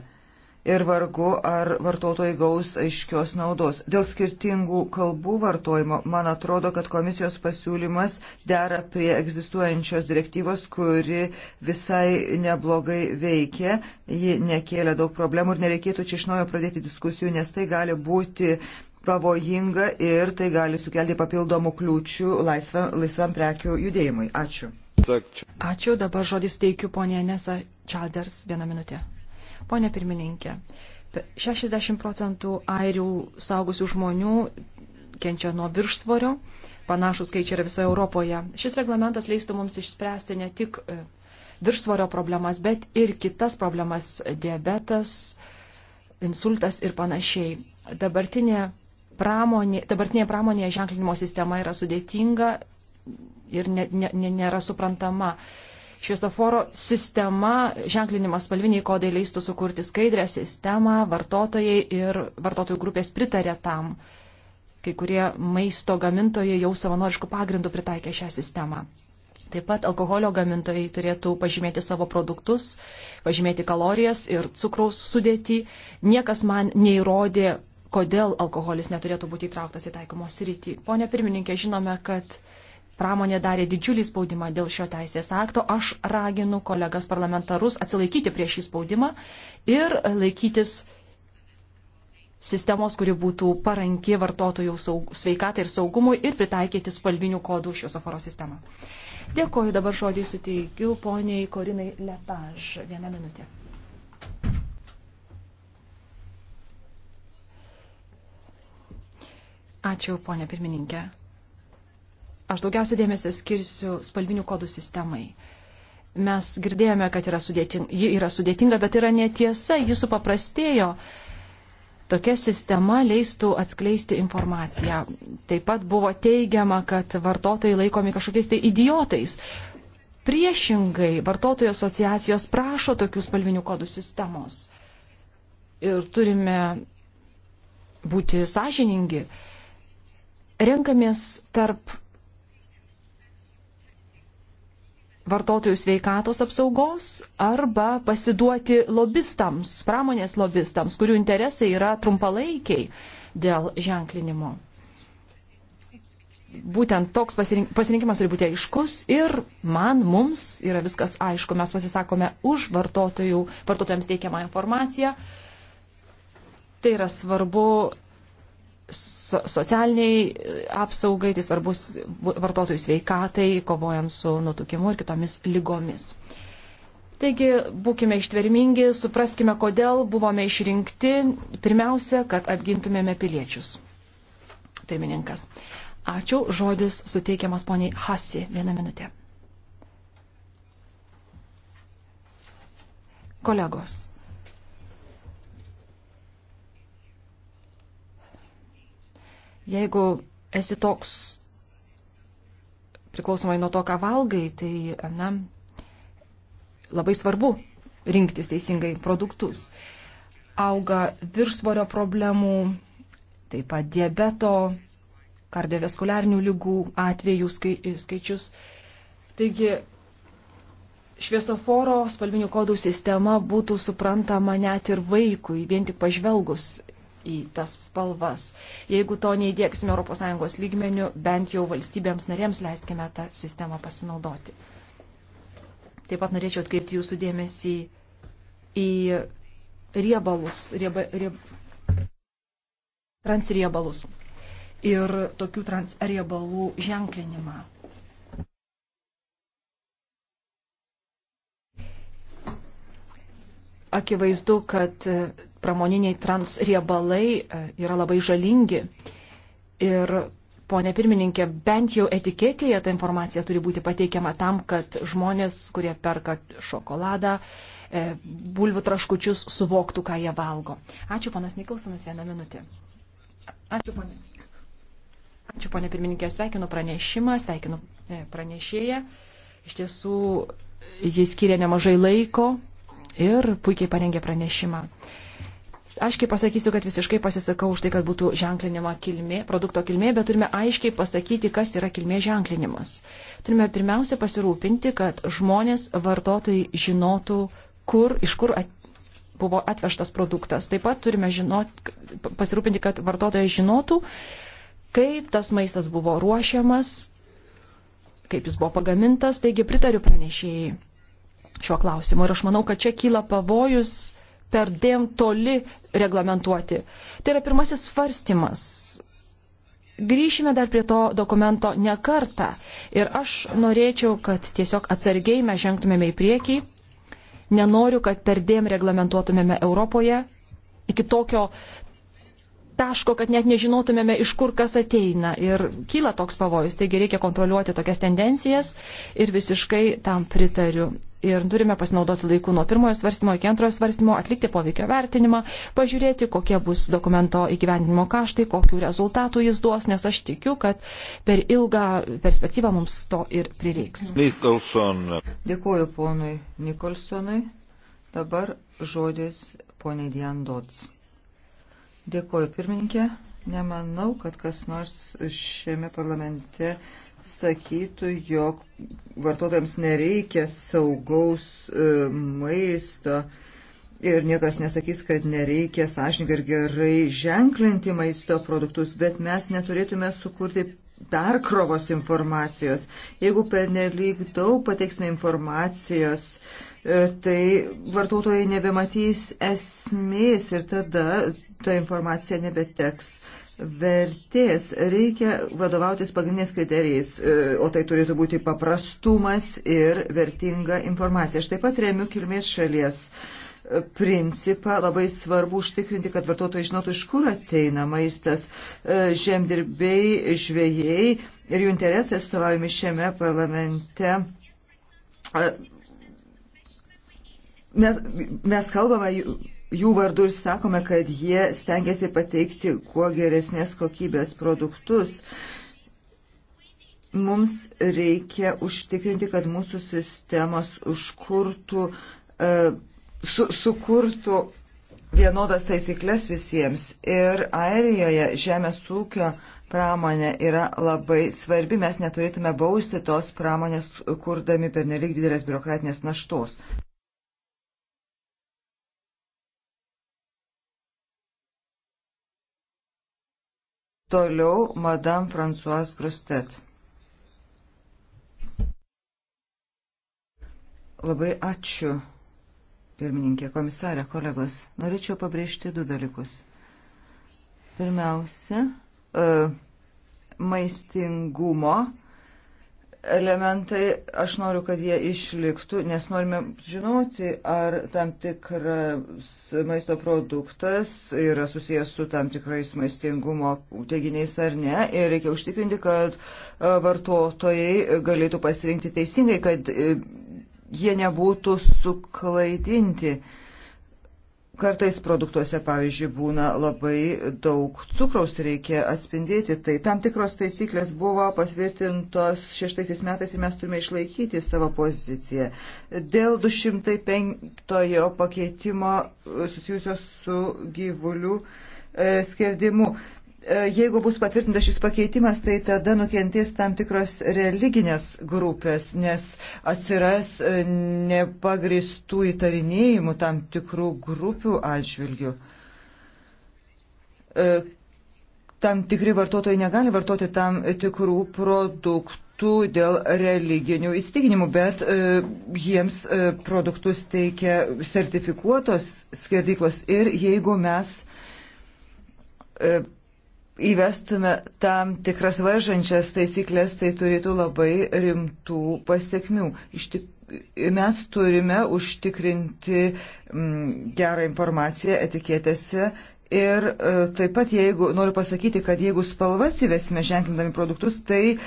ir vargu ar vartotojai gaus aiškios naudos. Dėl skirtingų kalbų vartojimo, man atrodo, kad komisijos pasiūlymas dera prie egzistuojančios direktyvos, kuri visai neblogai veikia, ji nekėlė daug problemų ir nereikėtų čia iš naujo pradėti diskusijų, nes tai gali būti pavojinga ir tai gali sukelti papildomų kliūčių laisvam, laisvam prekių judėjimui. Ačiū. Ačiū, dabar žodis teikiu ponė Nesa Čaders, vieną minutę. Pone pirmininkė, 60 procentų airių saugusių žmonių kenčia nuo viršsvorio, panašus skaičiai yra visoje Europoje. Šis reglamentas leistų mums išspręsti ne tik e, viršsvorio problemas, bet ir kitas problemas - diabetas, insultas ir panašiai. Dabartinė pramonė, dabartinė pramonėje ženklinimo sistema yra sudėtinga ir ne, ne, ne, nėra suprantama. Šviesoforo sistema, ženklinimas spalviniai kodai leistų sukurti skaidrę sistemą, vartotojai ir vartotojų grupės pritarė tam. Kai kurie maisto gamintojai jau savanoriškų pagrindų pritaikė šią sistemą. Taip pat alkoholio gamintojai turėtų pažymėti savo produktus, pažymėti kalorijas ir cukraus sudėtį. Niekas man neįrodė, kodėl alkoholis neturėtų būti įtrauktas į taikomos sritį. Pone pirmininkė, žinome, kad pramonė darė didžiulį spaudimą dėl šio teisės akto. Aš raginu kolegas parlamentarus atsilaikyti prieš šį spaudimą ir laikytis sistemos, kuri būtų paranki vartotojų saug, sveikatai ir saugumui ir pritaikyti spalvinių kodų šviesoforo sistemą. Dėkoju, dabar žodį suteikiu poniai Korinai Lepaž. Vieną minutę. Ačiū, ponė pirmininkė. Aš daugiausia dėmesio skirsiu spalvinių kodų sistemai. Mes girdėjome, kad yra sudėtinga, ji yra sudėtinga, bet yra netiesa, ji supaprastėjo. Tokia sistema leistų atskleisti informaciją. Taip pat buvo teigiama, kad vartotojai laikomi kažkokiais tai idiotais. Priešingai, vartotojų asociacijos prašo tokių spalvinių kodų sistemos. Ir turime būti sąžiningi renkamės tarp vartotojų sveikatos apsaugos arba pasiduoti lobistams, pramonės lobistams, kurių interesai yra trumpalaikiai dėl ženklinimo. Būtent toks pasirink, pasirinkimas turi būti aiškus ir man, mums yra viskas aišku. Mes pasisakome už vartotojų, vartotojams teikiamą informaciją. Tai yra svarbu socialiniai e, apsaugai, tai svarbus vartotojų sveikatai, kovojant su nutukimu ir kitomis lygomis. Taigi būkime ištvermingi, supraskime, kodėl buvome išrinkti. Pirmiausia, kad apgintumėme piliečius. Pirmininkas. Ačiū. Žodis suteikiamas poniai Hasi. Vieną minutę. Kolegos. Jeigu esi toks priklausomai nuo to, ką valgai, tai na, labai svarbu rinktis teisingai produktus. Auga viršsvorio problemų, taip pat diabeto, kardiovaskuliarinių lygų atvejų skai, skaičius. Taigi šviesoforo spalvinių kodų sistema būtų suprantama net ir vaikui, vien tik pažvelgus į tas spalvas. Jeigu to neįdėksime ES lygmenių, bent jau valstybėms narėms leiskime tą sistemą pasinaudoti. Taip pat norėčiau atkreipti jūsų dėmesį į riebalus, rieba, rieb... transriebalus ir tokių transriebalų ženklinimą. akivaizdu, kad e, pramoniniai transriebalai e, yra labai žalingi. Ir, ponė pirmininkė, bent jau etiketėje ta informacija turi būti pateikiama tam, kad žmonės, kurie perka šokoladą, e, bulvių traškučius, suvoktų, ką jie valgo. Ačiū, panas Nikolsonas, vieną minutę. Ačiū, ponė. Ačiū, ponė pirmininkė, sveikinu pranešimą, sveikinu pranešėją. Iš tiesų, jis skiria nemažai laiko ir puikiai parengė pranešimą. Aiškiai pasakysiu, kad visiškai pasisakau už tai, kad būtų ženklinima kilmė, produkto kilmė, bet turime aiškiai pasakyti, kas yra kilmė ženklinimas. Turime pirmiausia pasirūpinti, kad žmonės, vartotojai žinotų, kur, iš kur at, buvo atvežtas produktas. Taip pat turime žinot, pasirūpinti, kad vartotojai žinotų, kaip tas maistas buvo ruošiamas, kaip jis buvo pagamintas, taigi pritariu pranešėjai šiuo klausimu. Ir aš manau, kad čia kyla pavojus per dėm toli reglamentuoti. Tai yra pirmasis svarstymas. Grįšime dar prie to dokumento ne kartą. Ir aš norėčiau, kad tiesiog atsargiai mes žengtumėme į priekį. Nenoriu, kad per dėm reglamentuotumėme Europoje iki tokio taško, kad net nežinotumėme, iš kur kas ateina. Ir kyla toks pavojus, taigi reikia kontroliuoti tokias tendencijas ir visiškai tam pritariu ir turime pasinaudoti laiku nuo pirmojo svarstymo iki antrojo svarstymo, atlikti poveikio vertinimą, pažiūrėti, kokie bus dokumento įgyvendinimo kaštai, kokiu rezultatu jis duos, nes aš tikiu, kad per ilgą perspektyvą mums to ir prireiks. Nicholson. Dėkuoju ponui Nikolsonui. Dabar žodis poniai Dian Dots. Dėkuoju pirmininkė. Nemanau, kad kas nors šiame parlamente sakytų, jog vartotojams nereikia saugaus e, maisto ir niekas nesakys, kad nereikia sąžininkai ir gerai ženklinti maisto produktus, bet mes neturėtume sukurti perkrovos informacijos. Jeigu pernelyg daug pateiksime informacijos, e, tai vartotojai nebematys esmės ir tada ta informacija nebeteks uh, vertės reikia vadovautis pagrindiniais kriterijais, e, o tai turėtų būti paprastumas ir vertinga informacija. Aš taip pat remiu kilmės šalies e, principą, labai svarbu užtikrinti, kad vartotojai žinotų, iš kur ateina maistas e, žemdirbiai, žvėjai ir jų interesai atstovaujami šiame parlamente. Mes, mes kalbame jų vardu ir sakome, kad jie stengiasi pateikti kuo geresnės kokybės produktus. Mums reikia užtikrinti, kad mūsų sistemos užkurtų, e, su, sukurtų vienodas taisyklės visiems. Ir Airijoje žemės ūkio pramonė yra labai svarbi. Mes neturėtume bausti tos pramonės, kurdami per nelik didelės biurokratinės naštos. Toliau Madame François Grostet. Labai ačiū, pirmininkė, komisarė, kolegos. Norėčiau pabrėžti du dalykus. Pirmiausia, e, maistingumo elementai, aš noriu, kad jie išliktų, nes norime žinoti, ar tam tikras maisto produktas yra susijęs su tam tikrais maistingumo teiginiais ar ne. Ir reikia užtikrinti, kad e, vartotojai galėtų pasirinkti teisingai, kad e, jie nebūtų suklaidinti. Kartais produktuose, pavyzdžiui, būna labai daug cukraus reikia atspindėti. Tai tam tikros taisyklės buvo patvirtintos šeštaisiais metais ir mes turime išlaikyti savo poziciją. Dėl 205 pakeitimo susijusios su gyvulių e, skerdimu. E, jeigu bus patvirtintas šis pakeitimas, tai tada nukentės tam tikros religinės grupės, nes atsiras e, nepagristų įtarinėjimų tam tikrų grupių atžvilgių. E, tam tikri vartotojai negali vartoti tam tikrų produktų dėl religinių įstiginimų, bet e, jiems e, produktus teikia sertifikuotos skerdyklos ir jeigu mes e, įvestume tam tikras varžančias taisyklės, tai turėtų labai rimtų pasiekmių. Iš tik mes turime užtikrinti m, mm, gerą informaciją etiketėse. Ir e, taip pat, jeigu noriu pasakyti, kad jeigu spalvas įvesime ženklindami produktus, tai e,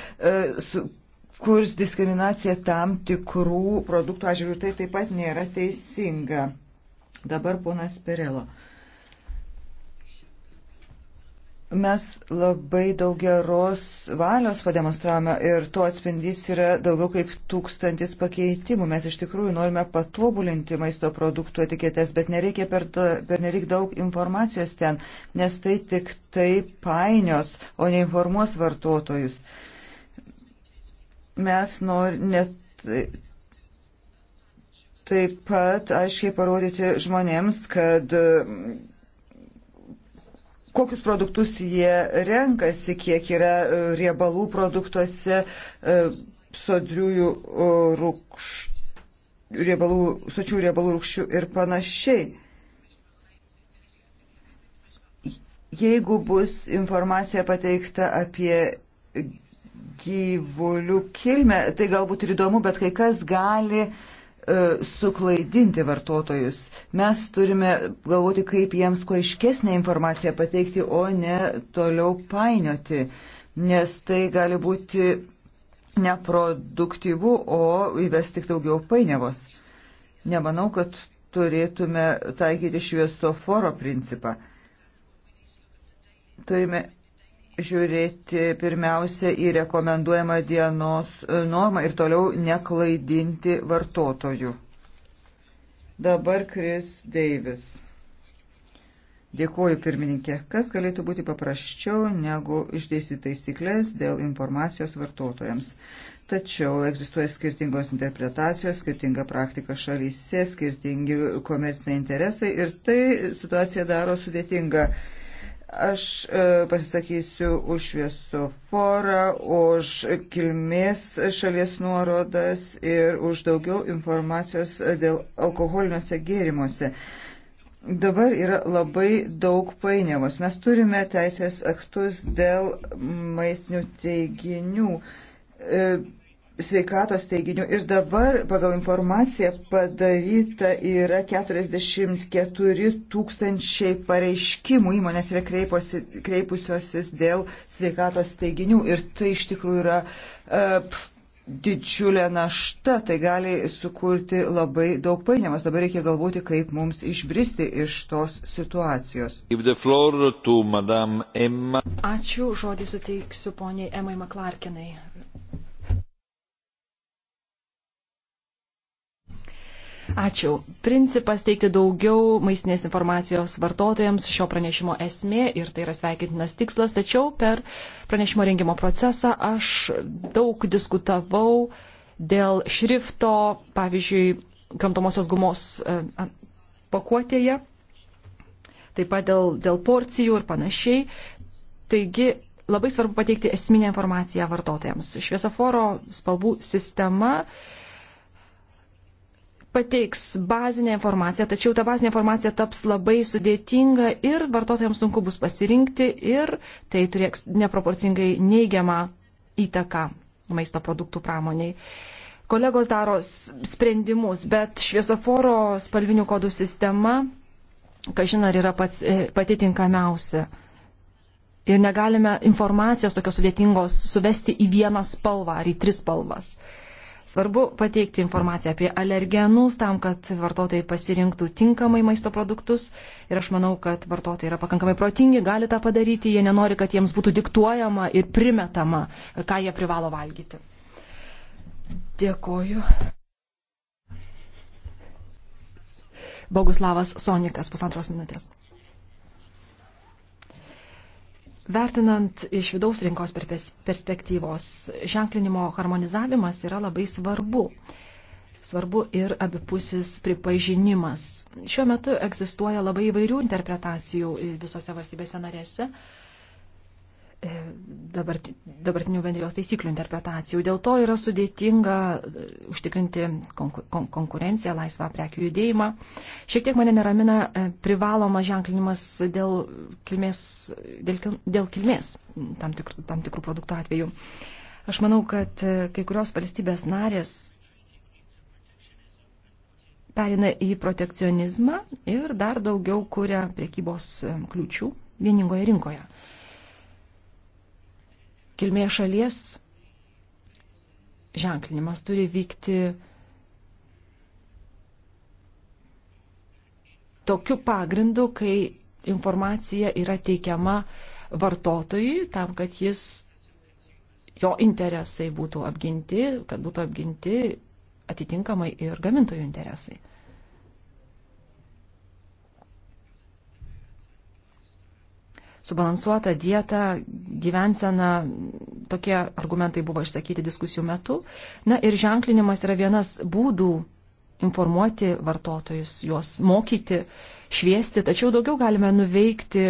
su, kurs diskriminacija tam tikrų produktų atžvilgių. Tai taip pat nėra teisinga. Dabar ponas Perelo. E, Mes labai daug geros valios pademonstravome ir to atspindys yra daugiau kaip tūkstantis pakeitimų. Mes iš tikrųjų norime patobulinti maisto produktų etiketės, bet nereikia per, ta, per nereik daug informacijos ten, nes tai tik tai painios, o ne informuos vartotojus. Mes nor, net, taip pat aiškiai parodyti žmonėms, kad kokius produktus jie renkasi, kiek yra e, riebalų produktuose, e, sodriųjų e, rūkštų, riebalų, sočių riebalų rūkščių ir panašiai. Jeigu bus informacija pateikta apie gyvulių kilmę, tai galbūt ir įdomu, bet kai kas gali uh, E, suklaidinti vartotojus. Mes turime galvoti, kaip jiems kuo iškesnę informaciją pateikti, o ne toliau painioti, nes tai gali būti neproduktyvu, o įves tik daugiau painiavos. Nemanau, kad turėtume taikyti šviesoforo principą. Turime žiūrėti pirmiausia į rekomenduojamą dienos e, normą ir toliau neklaidinti vartotojų. Dabar Kris Deivis. Dėkuoju pirmininkė. Kas galėtų būti paprasčiau negu išdėsti taisyklės dėl informacijos vartotojams? Tačiau egzistuoja skirtingos interpretacijos, skirtinga praktika šalyse, skirtingi komerciniai interesai ir tai situacija daro sudėtingą. Aš e, pasisakysiu už šviesoforą, už kilmės šalies nuorodas ir už daugiau informacijos dėl alkoholiniuose gėrimuose. Dabar yra labai daug painiavos. Mes turime teisės aktus dėl maisnių teiginių. E, sveikatos teiginių. Ir dabar pagal informaciją padaryta yra 44 tūkstančiai pareiškimų įmonės yra kreiposi, kreipusiosis dėl sveikatos teiginių. Ir tai iš tikrųjų yra uh, didžiulė našta, tai gali sukurti labai daug painiamas. Dabar reikia galvoti, kaip mums išbristi iš tos situacijos. Ačiū, žodį suteiksiu poniai Emai Maklarkinai. Ačiū. Principas teikti daugiau maistinės informacijos vartotojams šio pranešimo esmė ir tai yra sveikintinas tikslas, tačiau per pranešimo rengimo procesą aš daug diskutavau dėl šrifto, pavyzdžiui, kramtomosios gumos e, pakuotėje, taip pat dėl, dėl porcijų ir panašiai. Taigi labai svarbu pateikti esminę informaciją vartotojams. Šviesoforo spalvų sistema pateiks bazinę informaciją, tačiau ta bazinė informacija taps labai sudėtinga ir vartotojams sunku bus pasirinkti ir tai turės neproporcingai neigiamą įtaką maisto produktų pramoniai. Kolegos daro sprendimus, bet šviesoforo spalvinių kodų sistema, kažin ar yra pats, e, pati tinkamiausia. Ir negalime informacijos tokios sudėtingos suvesti į vieną spalvą ar į tris spalvas. Svarbu pateikti informaciją apie alergenus tam, kad vartotojai pasirinktų tinkamai maisto produktus. Ir aš manau, kad vartotojai yra pakankamai protingi, gali tą padaryti, jie nenori, kad jiems būtų diktuojama ir primetama, ką jie privalo valgyti. Dėkoju. Boguslavas Sonikas, pusantros minutės. Vertinant iš vidaus rinkos perspektyvos, ženklinimo harmonizavimas yra labai svarbu. Svarbu ir abipusis pripažinimas. Šiuo metu egzistuoja labai įvairių interpretacijų visose valstybėse narėse E, dabart, dabartinių bendrijos taisyklių interpretacijų. Dėl to yra sudėtinga e, užtikrinti konkurenciją, laisvą prekių judėjimą. Šiek tiek mane neramina e, privaloma ženklinimas dėl kilmės, dėl, dėl kilmės tam, tikr, tam tikrų produktų atveju. Aš manau, kad kai kurios valstybės narės perina į protekcionizmą ir dar daugiau kuria priekybos kliūčių vieningoje rinkoje kilmės šalies ženklinimas turi vykti tokiu pagrindu, kai informacija yra teikiama vartotojui tam, kad jis, jo interesai būtų apginti, kad būtų apginti atitinkamai ir gamintojų interesai. subalansuotą dietą, gyvenseną, tokie argumentai buvo išsakyti diskusijų metu. Na ir ženklinimas yra vienas būdų informuoti vartotojus, juos mokyti, šviesti, tačiau daugiau galime nuveikti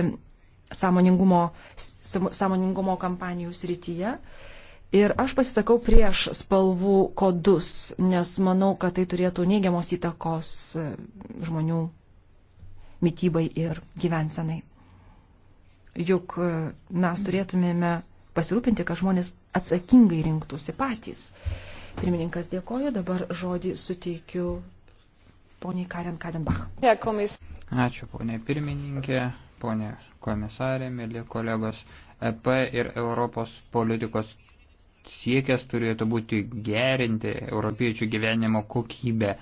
sąmoningumo, sąmoningumo kampanijų srityje. Ir aš pasisakau prieš spalvų kodus, nes manau, kad tai turėtų neigiamos įtakos žmonių mytybai ir gyvensenai. Juk e, mes turėtumėme pasirūpinti, kad žmonės atsakingai rinktųsi patys. Pirmininkas dėkoju, dabar žodį suteikiu poniai Karen Kadenbach. Ačiū, ponė pirmininkė, ponė komisarė, mėly kolegos. EP ir Europos politikos siekės turėtų būti gerinti europiečių gyvenimo kokybę.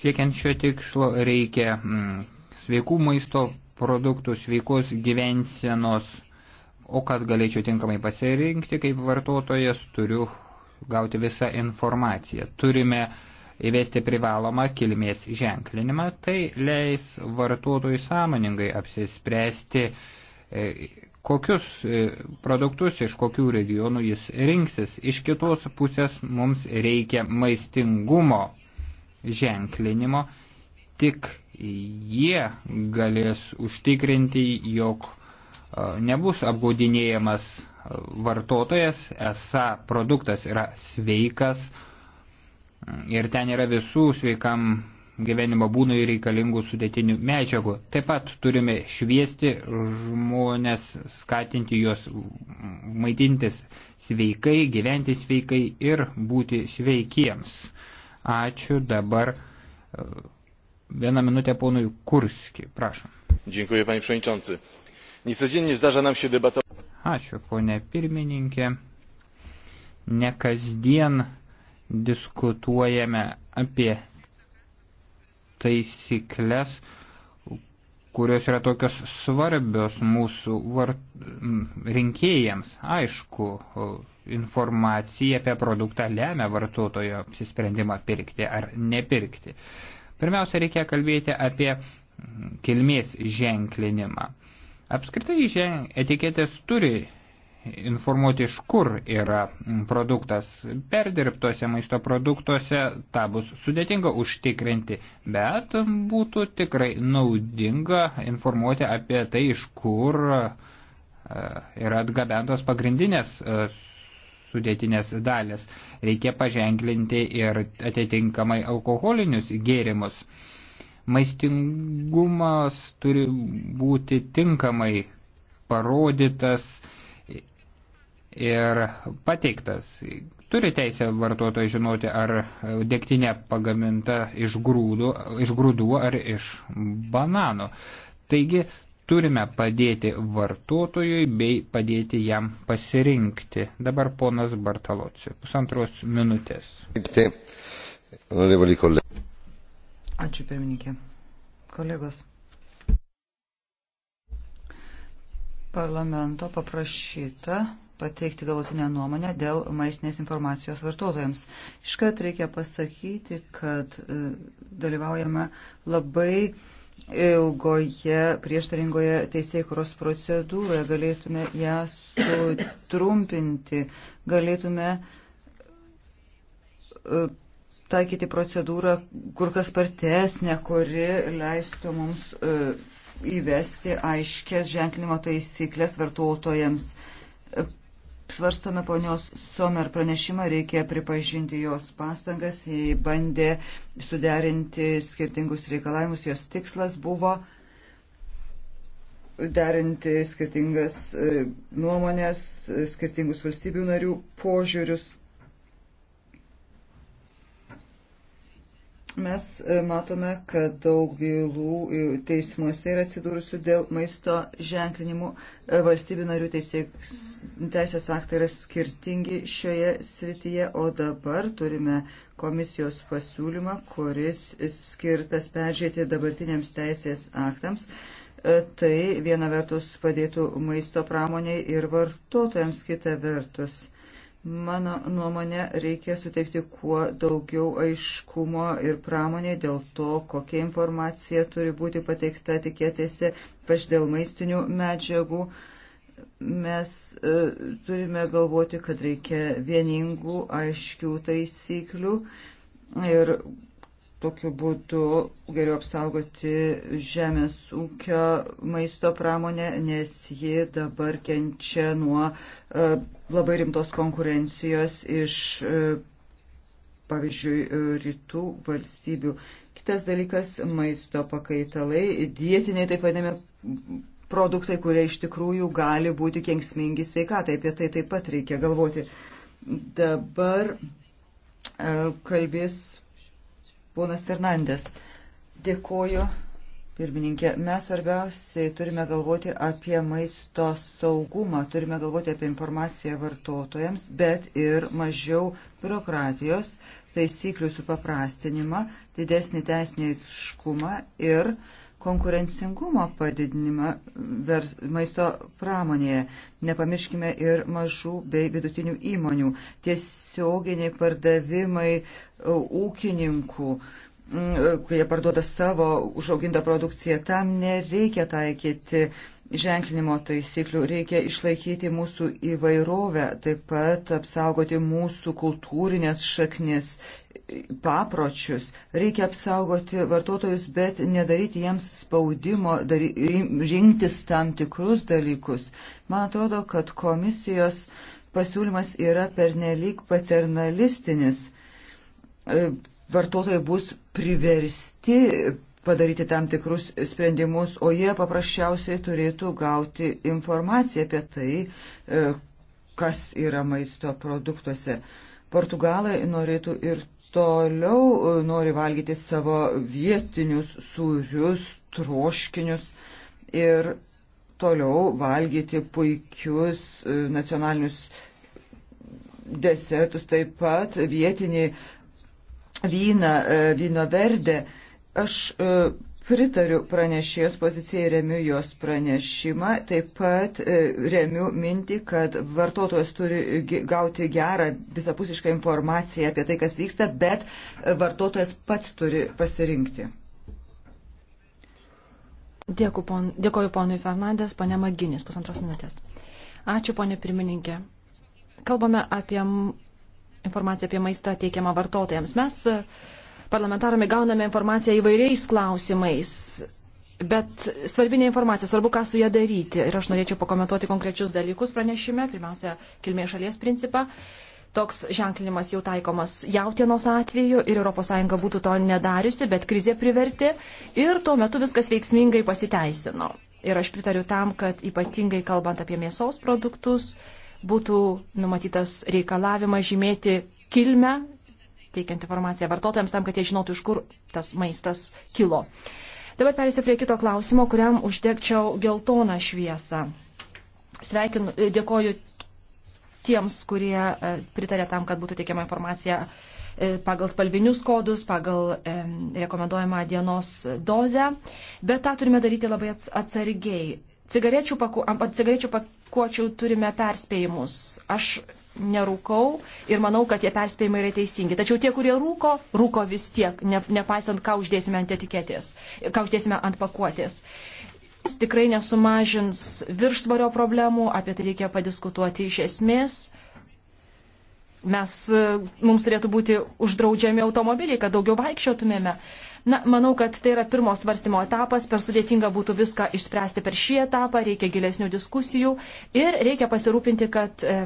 Siekiant šio tikslo reikia mm, sveikų maisto produktų sveikos gyvensenos, o kad galėčiau tinkamai pasirinkti kaip vartotojas, turiu gauti visą informaciją. Turime įvesti privalomą kilmės ženklinimą, tai leis vartotojui sąmoningai apsispręsti, e, kokius e, produktus iš kokių regionų jis rinksis. Iš kitos pusės mums reikia maistingumo ženklinimo, tik jie galės užtikrinti, jog nebus apgaudinėjamas vartotojas, esą produktas yra sveikas ir ten yra visų sveikam gyvenimo būnui reikalingų sudėtinių medžiagų. Taip pat turime šviesti žmonės, skatinti juos maitintis sveikai, gyventi sveikai ir būti sveikiems. Ačiū dabar Vieną minutę ponui Kurski, prašom. Dziękuję, panie przewodniczący. Niecodziennie zdarza nam się debatować. Ačiū, ponė pirmininkė. Ne kasdien diskutuojame apie taisyklės, kurios yra tokios svarbios mūsų var... rinkėjams. Aišku, informacija apie produktą lemia vartotojo apsisprendimą pirkti ar nepirkti. Pirmiausia, reikia kalbėti apie kilmės ženklinimą. Apskritai žen... etiketės turi informuoti, iš kur yra produktas. Perdirbtuose maisto produktuose tą bus sudėtinga užtikrinti, bet būtų tikrai naudinga informuoti apie tai, iš kur e, yra atgabentos pagrindinės e, sudėtinės dalės. Reikia paženklinti ir atitinkamai alkoholinius gėrimus. Maistingumas turi būti tinkamai parodytas ir pateiktas. Turi teisę vartotojai žinoti, ar degtinė pagaminta iš, grūdų, iš grūdų ar iš bananų. Taigi turime padėti vartotojui bei padėti jam pasirinkti. Dabar ponas Bartaloci, pusantros minutės. Ačiū pirmininkė. Kolegos. Parlamento paprašyta pateikti galutinę nuomonę dėl maistinės informacijos vartotojams. Iškart reikia pasakyti, kad e, dalyvaujame labai uh, ilgoje prieštaringoje teisėkuros procedūroje, galėtume ją sutrumpinti, galėtume e, taikyti procedūrą kur kas spartesnę, kuri leistų mums e, įvesti aiškės ženklinimo taisyklės vartotojams svarstome ponios Somer pranešimą, reikia pripažinti jos pastangas, jį bandė suderinti skirtingus reikalavimus, jos tikslas buvo derinti skirtingas e, nuomonės, e, skirtingus valstybių narių požiūrius. Mes e, matome, kad daug bylų e, teismuose yra atsidūrusių dėl maisto ženklinimų. E, valstybių narių teisės, teisės aktai yra skirtingi šioje srityje, o dabar turime komisijos pasiūlymą, kuris skirtas peržiūrėti dabartiniams teisės aktams tai viena vertus padėtų maisto pramoniai ir vartotojams, kita vertus Mano nuomonė, reikia suteikti kuo daugiau aiškumo ir pramonė dėl to, kokia informacija turi būti pateikta tikėtėse, paž dėl maistinių medžiagų. Mes e, turime galvoti, kad reikia vieningų, aiškių taisyklių ir tokiu būdu geriau apsaugoti žemės ūkio maisto pramonę, nes ji dabar kenčia nuo. E, labai rimtos konkurencijos iš, e, pavyzdžiui, e, rytų valstybių. Kitas dalykas - maisto pakaitalai, dietiniai taip vadinami produktai, kurie iš tikrųjų gali būti kenksmingi sveikatai. Apie tai taip pat reikia galvoti. Dabar e, kalbės ponas Fernandės. Dėkoju pirmininkė. Mes svarbiausiai turime galvoti apie maisto saugumą, turime galvoti apie informaciją vartotojams, bet ir mažiau biurokratijos, taisyklių supaprastinimą, didesnį teisinį aiškumą ir konkurencingumo padidinimą vers, maisto pramonėje. Nepamirškime ir mažų bei vidutinių įmonių. Tiesioginiai pardavimai ūkininkų. Uh, kai jie parduoda savo užaugintą produkciją, tam nereikia taikyti ženklinimo taisyklių, reikia išlaikyti mūsų įvairovę, taip pat apsaugoti mūsų kultūrinės šaknis, papročius, reikia apsaugoti vartotojus, bet nedaryti jiems spaudimo, dary, rinktis tam tikrus dalykus. Man atrodo, kad komisijos pasiūlymas yra pernelyg paternalistinis e, vartotojai bus priversti padaryti tam tikrus sprendimus, o jie paprasčiausiai turėtų gauti informaciją apie tai, e, kas yra maisto produktuose. Portugalai norėtų ir toliau e, nori valgyti savo vietinius sūrius, troškinius ir toliau valgyti puikius e, nacionalinius desertus, taip pat vietinį vyną, e, vyno verdę. Aš e, pritariu pranešėjos pozicijai, remiu jos pranešimą, taip pat e, remiu mintį, kad vartotojas turi gauti gerą visapusišką informaciją apie tai, kas vyksta, bet vartotojas pats turi pasirinkti. Dėkui, pon, dėkoju ponui Fernandės, ponė Maginis, pusantros minutės. Ačiū, ponė pirmininkė. Kalbame apie informacija apie maistą teikiama vartotojams. Mes e, parlamentarami gauname informaciją įvairiais klausimais, bet svarbinė informacija, svarbu, ką su ją daryti. Ir aš norėčiau pakomentuoti konkrečius dalykus pranešime, pirmiausia, kilmės šalies principą. Toks ženklinimas jau taikomas jautienos atveju ir ES būtų to nedariusi, bet krizė privertė ir tuo metu viskas veiksmingai pasiteisino. Ir aš pritariu tam, kad ypatingai kalbant apie mėsos produktus, būtų numatytas reikalavimas žymėti kilmę, teikiant informaciją vartotojams tam, kad jie žinotų, iš kur tas maistas kilo. Dabar perėsiu prie kito klausimo, kuriam uždegčiau geltoną šviesą. Sveikinu, e, dėkoju tiems, kurie e, pritarė tam, kad būtų teikiama informacija e, pagal spalvinius kodus, pagal rekomenduojamą dienos dozę, bet tą turime daryti labai atsargiai cigarečių, paku, cigarečių pakuočių turime perspėjimus. Aš nerūkau ir manau, kad tie perspėjimai yra teisingi. Tačiau tie, kurie rūko, rūko vis tiek, ne, nepaisant, ką uždėsime ant etiketės, ką uždėsime ant pakuotės. Jis tikrai nesumažins viršsvario problemų, apie tai reikia padiskutuoti iš esmės. Mes, mums turėtų būti uždraudžiami automobiliai, kad daugiau vaikščiotumėme. Uh, Na, manau, kad tai yra pirmos svarstymo etapas, per sudėtinga būtų viską išspręsti per šį etapą, reikia gilesnių diskusijų ir reikia pasirūpinti, kad e,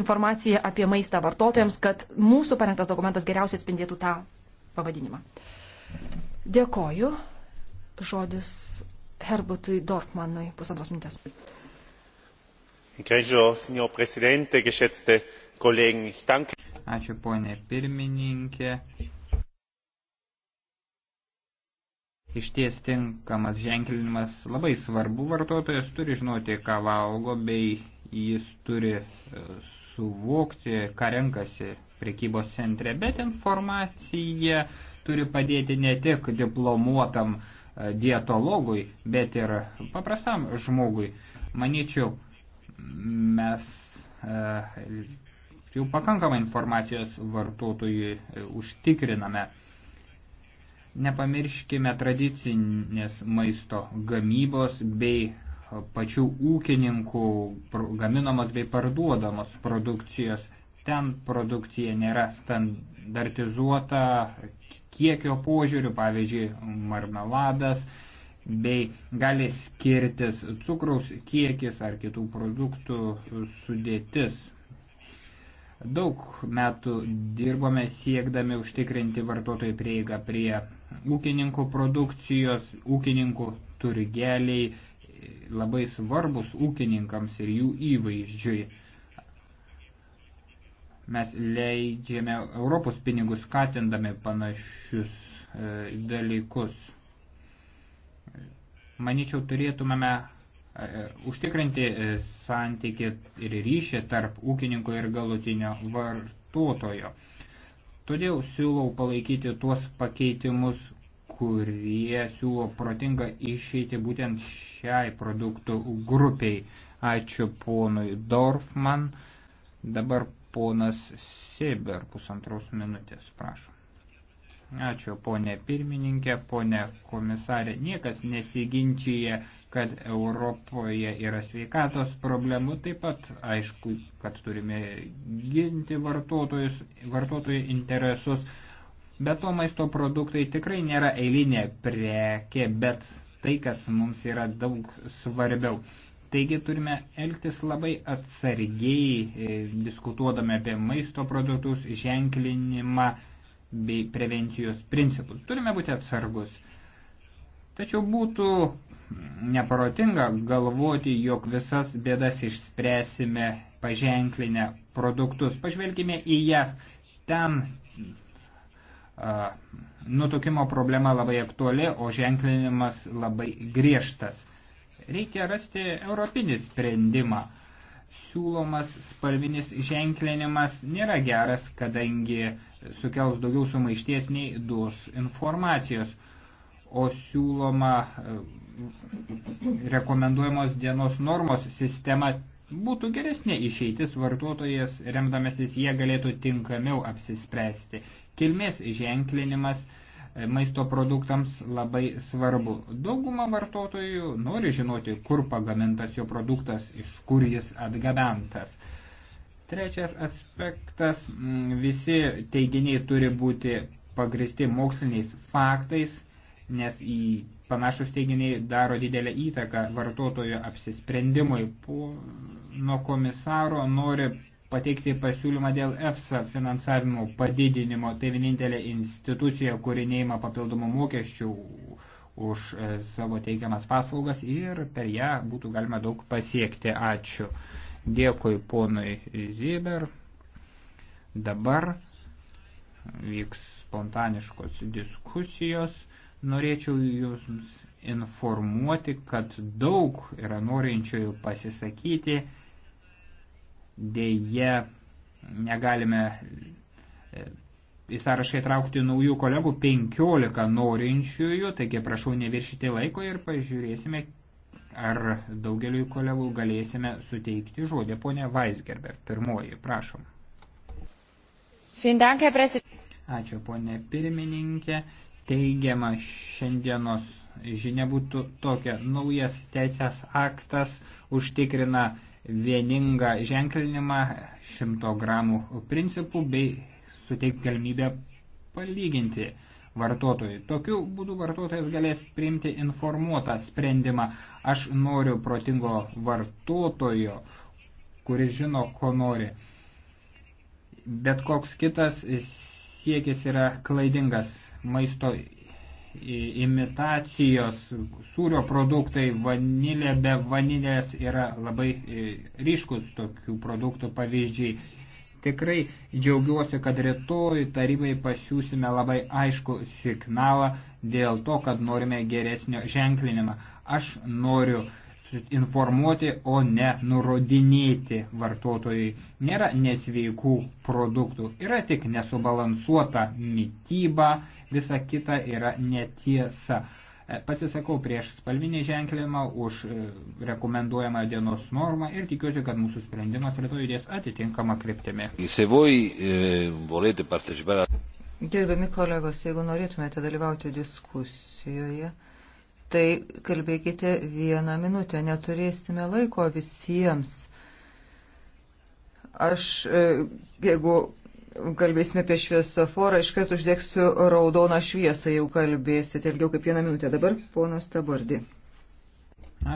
informacija apie maistą vartotojams, kad mūsų parengtas dokumentas geriausiai atspindėtų tą pavadinimą. Dėkoju. Žodis Herbutui Dorfmanui pusantros minutės. Ačiū, ponė pirmininkė. Išties tinkamas ženklinimas labai svarbu, vartotojas turi žinoti, ką valgo, bei jis turi e, suvokti, ką renkasi prekybos centre, bet informacija turi padėti ne tik diplomuotam e, dietologui, bet ir paprastam žmogui. Manyčiau, mes e, jau pakankamą informacijos vartotojui e, užtikriname. Nepamirškime tradicinės maisto gamybos bei pačių ūkininkų gaminamos bei parduodamos produkcijos. Ten produkcija nėra standartizuota kiekio požiūrių, pavyzdžiui, marmeladas, bei gali skirtis cukraus kiekis ar kitų produktų sudėtis. Daug metų dirbome siekdami užtikrinti vartotojų prieigą prie ūkininkų produkcijos, ūkininkų turgeliai labai svarbus ūkininkams ir jų įvaizdžiui. Mes leidžiame Europos pinigus skatindami panašius e, dalykus. Maničiau, turėtumėme e, e, užtikrinti e, santyki ir ryšį tarp ūkininko ir galutinio vartotojo. Todėl siūlau palaikyti tuos pakeitimus, kurie siūlo protingą išeiti būtent šiai produktų grupiai. Ačiū ponui Dorfman. Dabar ponas Seber pusantros minutės, prašom. Ačiū ponė pirmininkė, ponė komisarė. Niekas nesiginčyje kad Europoje yra sveikatos problemų, taip pat aišku, kad turime ginti vartotojus, vartotojų interesus. Bet to maisto produktai tikrai nėra eilinė prekė, bet tai, kas mums yra daug svarbiau. Taigi turime elgtis labai atsargiai, e, diskutuodami apie maisto produktus, ženklinimą bei prevencijos principus. Turime būti atsargus. Tačiau būtų neprotinga galvoti, jog visas bėdas išspręsime paženklinę produktus. Pažvelkime į JAV. Ten a, nutukimo problema labai aktuali, o ženklinimas labai griežtas. Reikia rasti europinį sprendimą. Siūlomas spalvinis ženklinimas nėra geras, kadangi sukels daugiau sumaišties nei duos informacijos, o siūloma a, rekomenduojamos dienos normos sistema būtų geresnė išeitis vartotojas, remdamasis jie galėtų tinkamiau apsispręsti. Kilmės ženklinimas e, maisto produktams labai svarbu. Dauguma vartotojų nori žinoti, kur pagamintas jo produktas, iš kur jis atgabentas. Trečias aspektas - visi teiginiai turi būti pagristi moksliniais faktais, nes į panašus teiginiai daro didelę įtaką vartotojo apsisprendimui. Po, nuo komisaro nori pateikti pasiūlymą dėl EFSA finansavimo padidinimo. Tai vienintelė institucija, kuri neima papildomų mokesčių už e, savo teikiamas paslaugas ir per ją būtų galima daug pasiekti. Ačiū. Dėkui ponui Ziber. Dabar vyks spontaniškos diskusijos. Norėčiau Jūs informuoti, kad daug yra norinčiųjų pasisakyti, dėje negalime e, į sąrašą įtraukti naujų kolegų 15 norinčiųjų, taigi prašau neviršyti laiko ir pažiūrėsime, ar daugeliu kolegų galėsime suteikti žodį. Pone Weisgerber, pirmoji, prašom. Ačiū, ponė pirmininkė teigiama šiandienos žinia būtų tokia. Naujas teisės aktas užtikrina vieningą ženklinimą 100 gramų principų bei suteiks galimybę palyginti vartotojui. Tokiu būdu vartotojas galės priimti informuotą sprendimą. Aš noriu protingo vartotojo, kuris žino, ko nori. Bet koks kitas siekis yra klaidingas maisto imitacijos, sūrio produktai, vanilė be vanilės yra labai ryškus tokių produktų pavyzdžiai. Tikrai džiaugiuosi, kad rytoj tarybai pasiūsime labai aišku signalą dėl to, kad norime geresnio ženklinimą. Aš noriu informuoti, o ne nurodinėti vartotojui. Nėra nesveikų produktų, yra tik nesubalansuota mytyba, visa kita yra netiesa. E, pasisakau prieš spalvinį ženklimą, už e, rekomenduojamą dienos normą ir tikiuosi, kad mūsų sprendimas rytoj judės atitinkama kryptimi. E, Gerbiami kolegos, jeigu norėtumėte dalyvauti diskusijoje, tai kalbėkite vieną minutę, neturėsime laiko visiems. Aš, e, jeigu kalbėsime apie šviesoforą, iškart uždėksiu raudoną šviesą, jau kalbėsite ilgiau kaip vieną minutę. Dabar ponas Tabardi.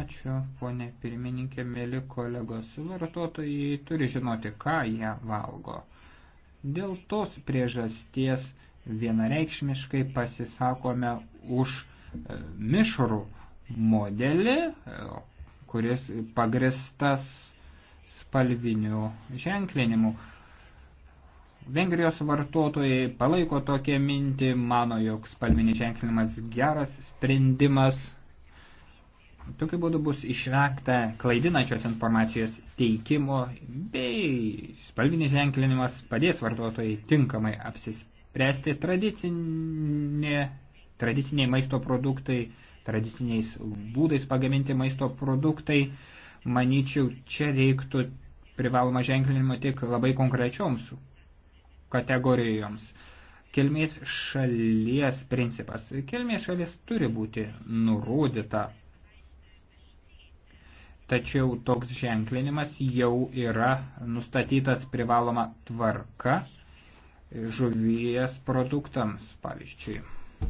Ačiū, ponė pirmininkė, mėly kolegos. Vartotojai turi žinoti, ką jie valgo. Dėl tos priežasties vienareikšmiškai pasisakome už mišrų modelį, kuris pagristas spalviniu ženklinimu. Vengrijos vartotojai palaiko tokią mintį, mano, jog spalvinis ženklinimas geras sprendimas. Tokiu būdu bus išvengta klaidinačios informacijos teikimo bei spalvinis ženklinimas padės vartotojai tinkamai apsispręsti. Tradicinė tradiciniai maisto produktai, tradiciniais būdais pagaminti maisto produktai. Manyčiau, čia reiktų privaloma ženklinimo tik labai konkrečioms kategorijoms. Kilmės šalies principas. Kilmės šalis turi būti nurodyta tačiau toks ženklinimas jau yra nustatytas privaloma tvarka žuvies produktams, pavyzdžiui.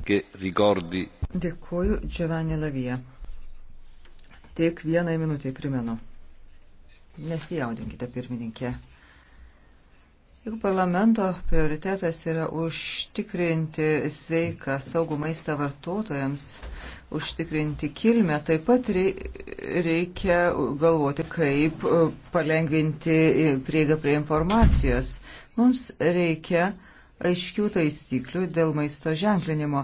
Dėkuoju, Giovanni Lavija. Tik vienai minutiai primenu. Nesijaudinkite, pirmininkė. Jeigu parlamento prioritetas yra užtikrinti sveiką saugų maistą vartotojams, užtikrinti kilmę, taip pat reikia galvoti, kaip e, palengvinti prieigą prie informacijos. Mums reikia uh, aiškių taisyklių dėl maisto ženklinimo.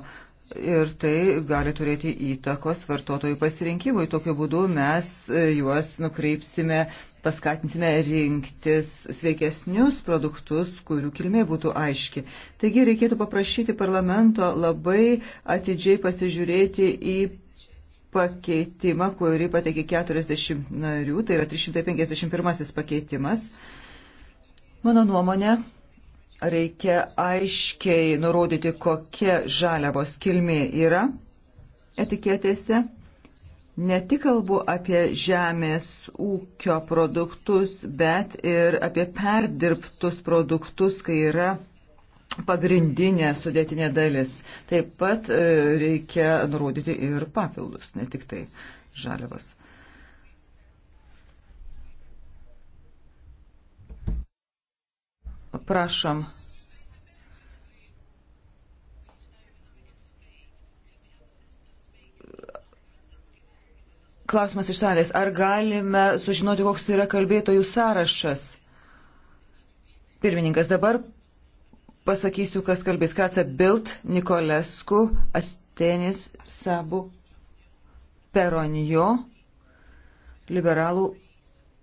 Ir tai gali turėti įtakos vartotojų pasirinkimui. Tokiu būdu mes e, juos nukreipsime, paskatinsime rinktis sveikesnius produktus, kurių kilmė būtų aiški. Taigi reikėtų paprašyti parlamento labai atidžiai pasižiūrėti į pakeitimą, kurį pateikė 40 narių, tai yra 351 pakeitimas. Mano nuomonė, reikia aiškiai nurodyti, kokia žaliavos kilmė yra etiketėse. Ne tik kalbu apie žemės ūkio produktus, bet ir apie perdirbtus produktus, kai yra pagrindinė sudėtinė dalis. Taip pat e, reikia nurodyti ir papildus, ne tik tai žaliavos. Prašom. Klausimas iš salės. Ar galime sužinoti, koks yra kalbėtojų sąrašas? Pirmininkas, dabar pasakysiu, kas kalbės. Kratsa Bilt, Nikolesku, Astenis, Sabu, Peronjo, liberalų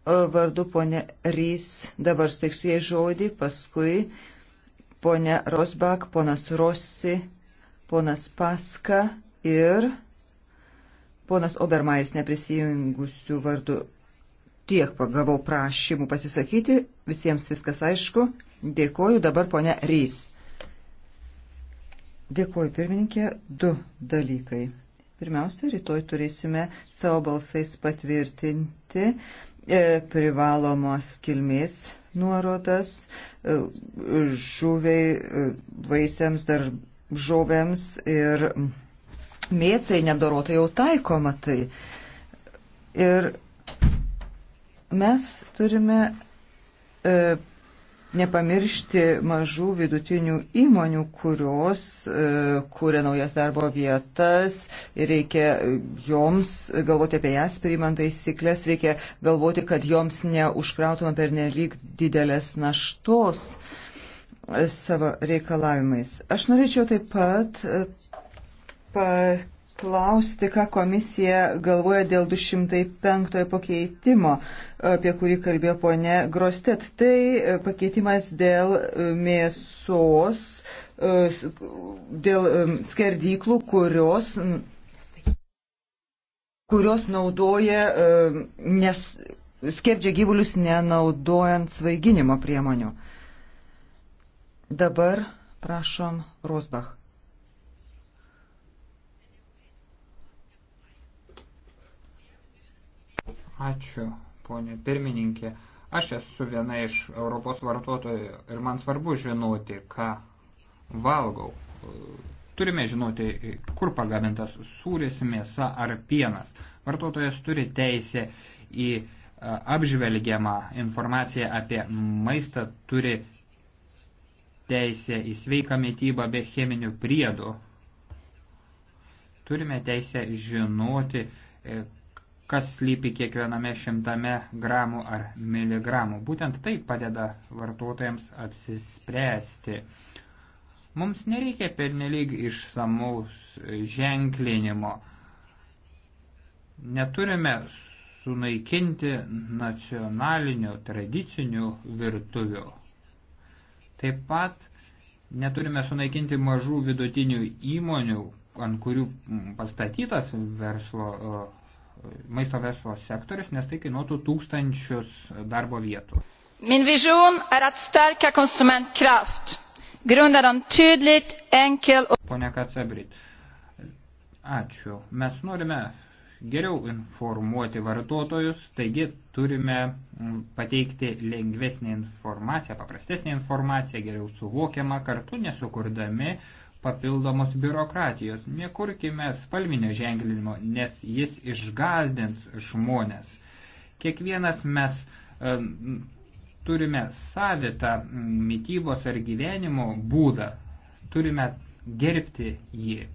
vardu ponė Rys, dabar steiksiu jai žodį, paskui ponė Rosbak, ponas Rossi, ponas Paska ir ponas Obermais neprisijungusių vardu. Tiek pagavau prašymų pasisakyti, visiems viskas aišku. Dėkoju dabar ponia Rys. Dėkoju pirmininkė, du dalykai. Pirmiausia, rytoj turėsime savo balsais patvirtinti E, privalomos kilmės nuorodas e, žuviai, e, vaisiams, daržovėms ir mėsai nedorotai jau taikoma tai. Ir mes turime e, nepamiršti mažų vidutinių įmonių, kurios e, kūrė naujas darbo vietas ir reikia joms galvoti apie jas, priimant taisyklės, reikia galvoti, kad joms neužkrautumą per nelik didelės naštos e, savo reikalavimais. Aš norėčiau taip pat e, pa paklausti, ką komisija galvoja dėl 205 pakeitimo, apie kurį kalbėjo ponė Grostet. Tai e, pakeitimas dėl e, mėsos, e, dėl skerdyklų, kurios kurios naudoja, nes skerdžia gyvulius nenaudojant svaiginimo priemonių. Dabar prašom Rosbach. Ačiū, ponė pirmininkė. Aš esu viena iš Europos vartotojų ir man svarbu žinoti, ką valgau. Turime žinoti, kur pagamintas sūris, mėsa ar pienas. Vartotojas turi teisę į apžvelgiamą informaciją apie maistą, turi teisę į sveiką mytybą be cheminių priedų. Turime teisę žinoti, e, kas lypi kiekviename šimtame gramų ar miligramų. Būtent tai padeda vartotojams apsispręsti. Mums nereikia pernelyg išsamaus ženklinimo. Neturime sunaikinti nacionalinių tradicinių virtuvių. Taip pat neturime sunaikinti mažų vidutinių įmonių, ant kurių pastatytas verslo maisto verslo sektorius, nes tai kainuotų tūkstančius darbo vietų. Min vision yra atsterka konsumentkraft. Grundad on tydligt, enkel... Pone Kacebrit, ačiū. Mes norime geriau informuoti vartotojus, taigi turime mm, pateikti lengvesnį informaciją, paprastesnį informaciją, geriau suvokiamą kartu nesukurdami uh, papildomos biurokratijos. Nekurkime spalminio ženklinimo, nes jis išgazdins žmonės. Kiekvienas mes e, turime savitą mytybos ar gyvenimo būdą, turime gerbti jį.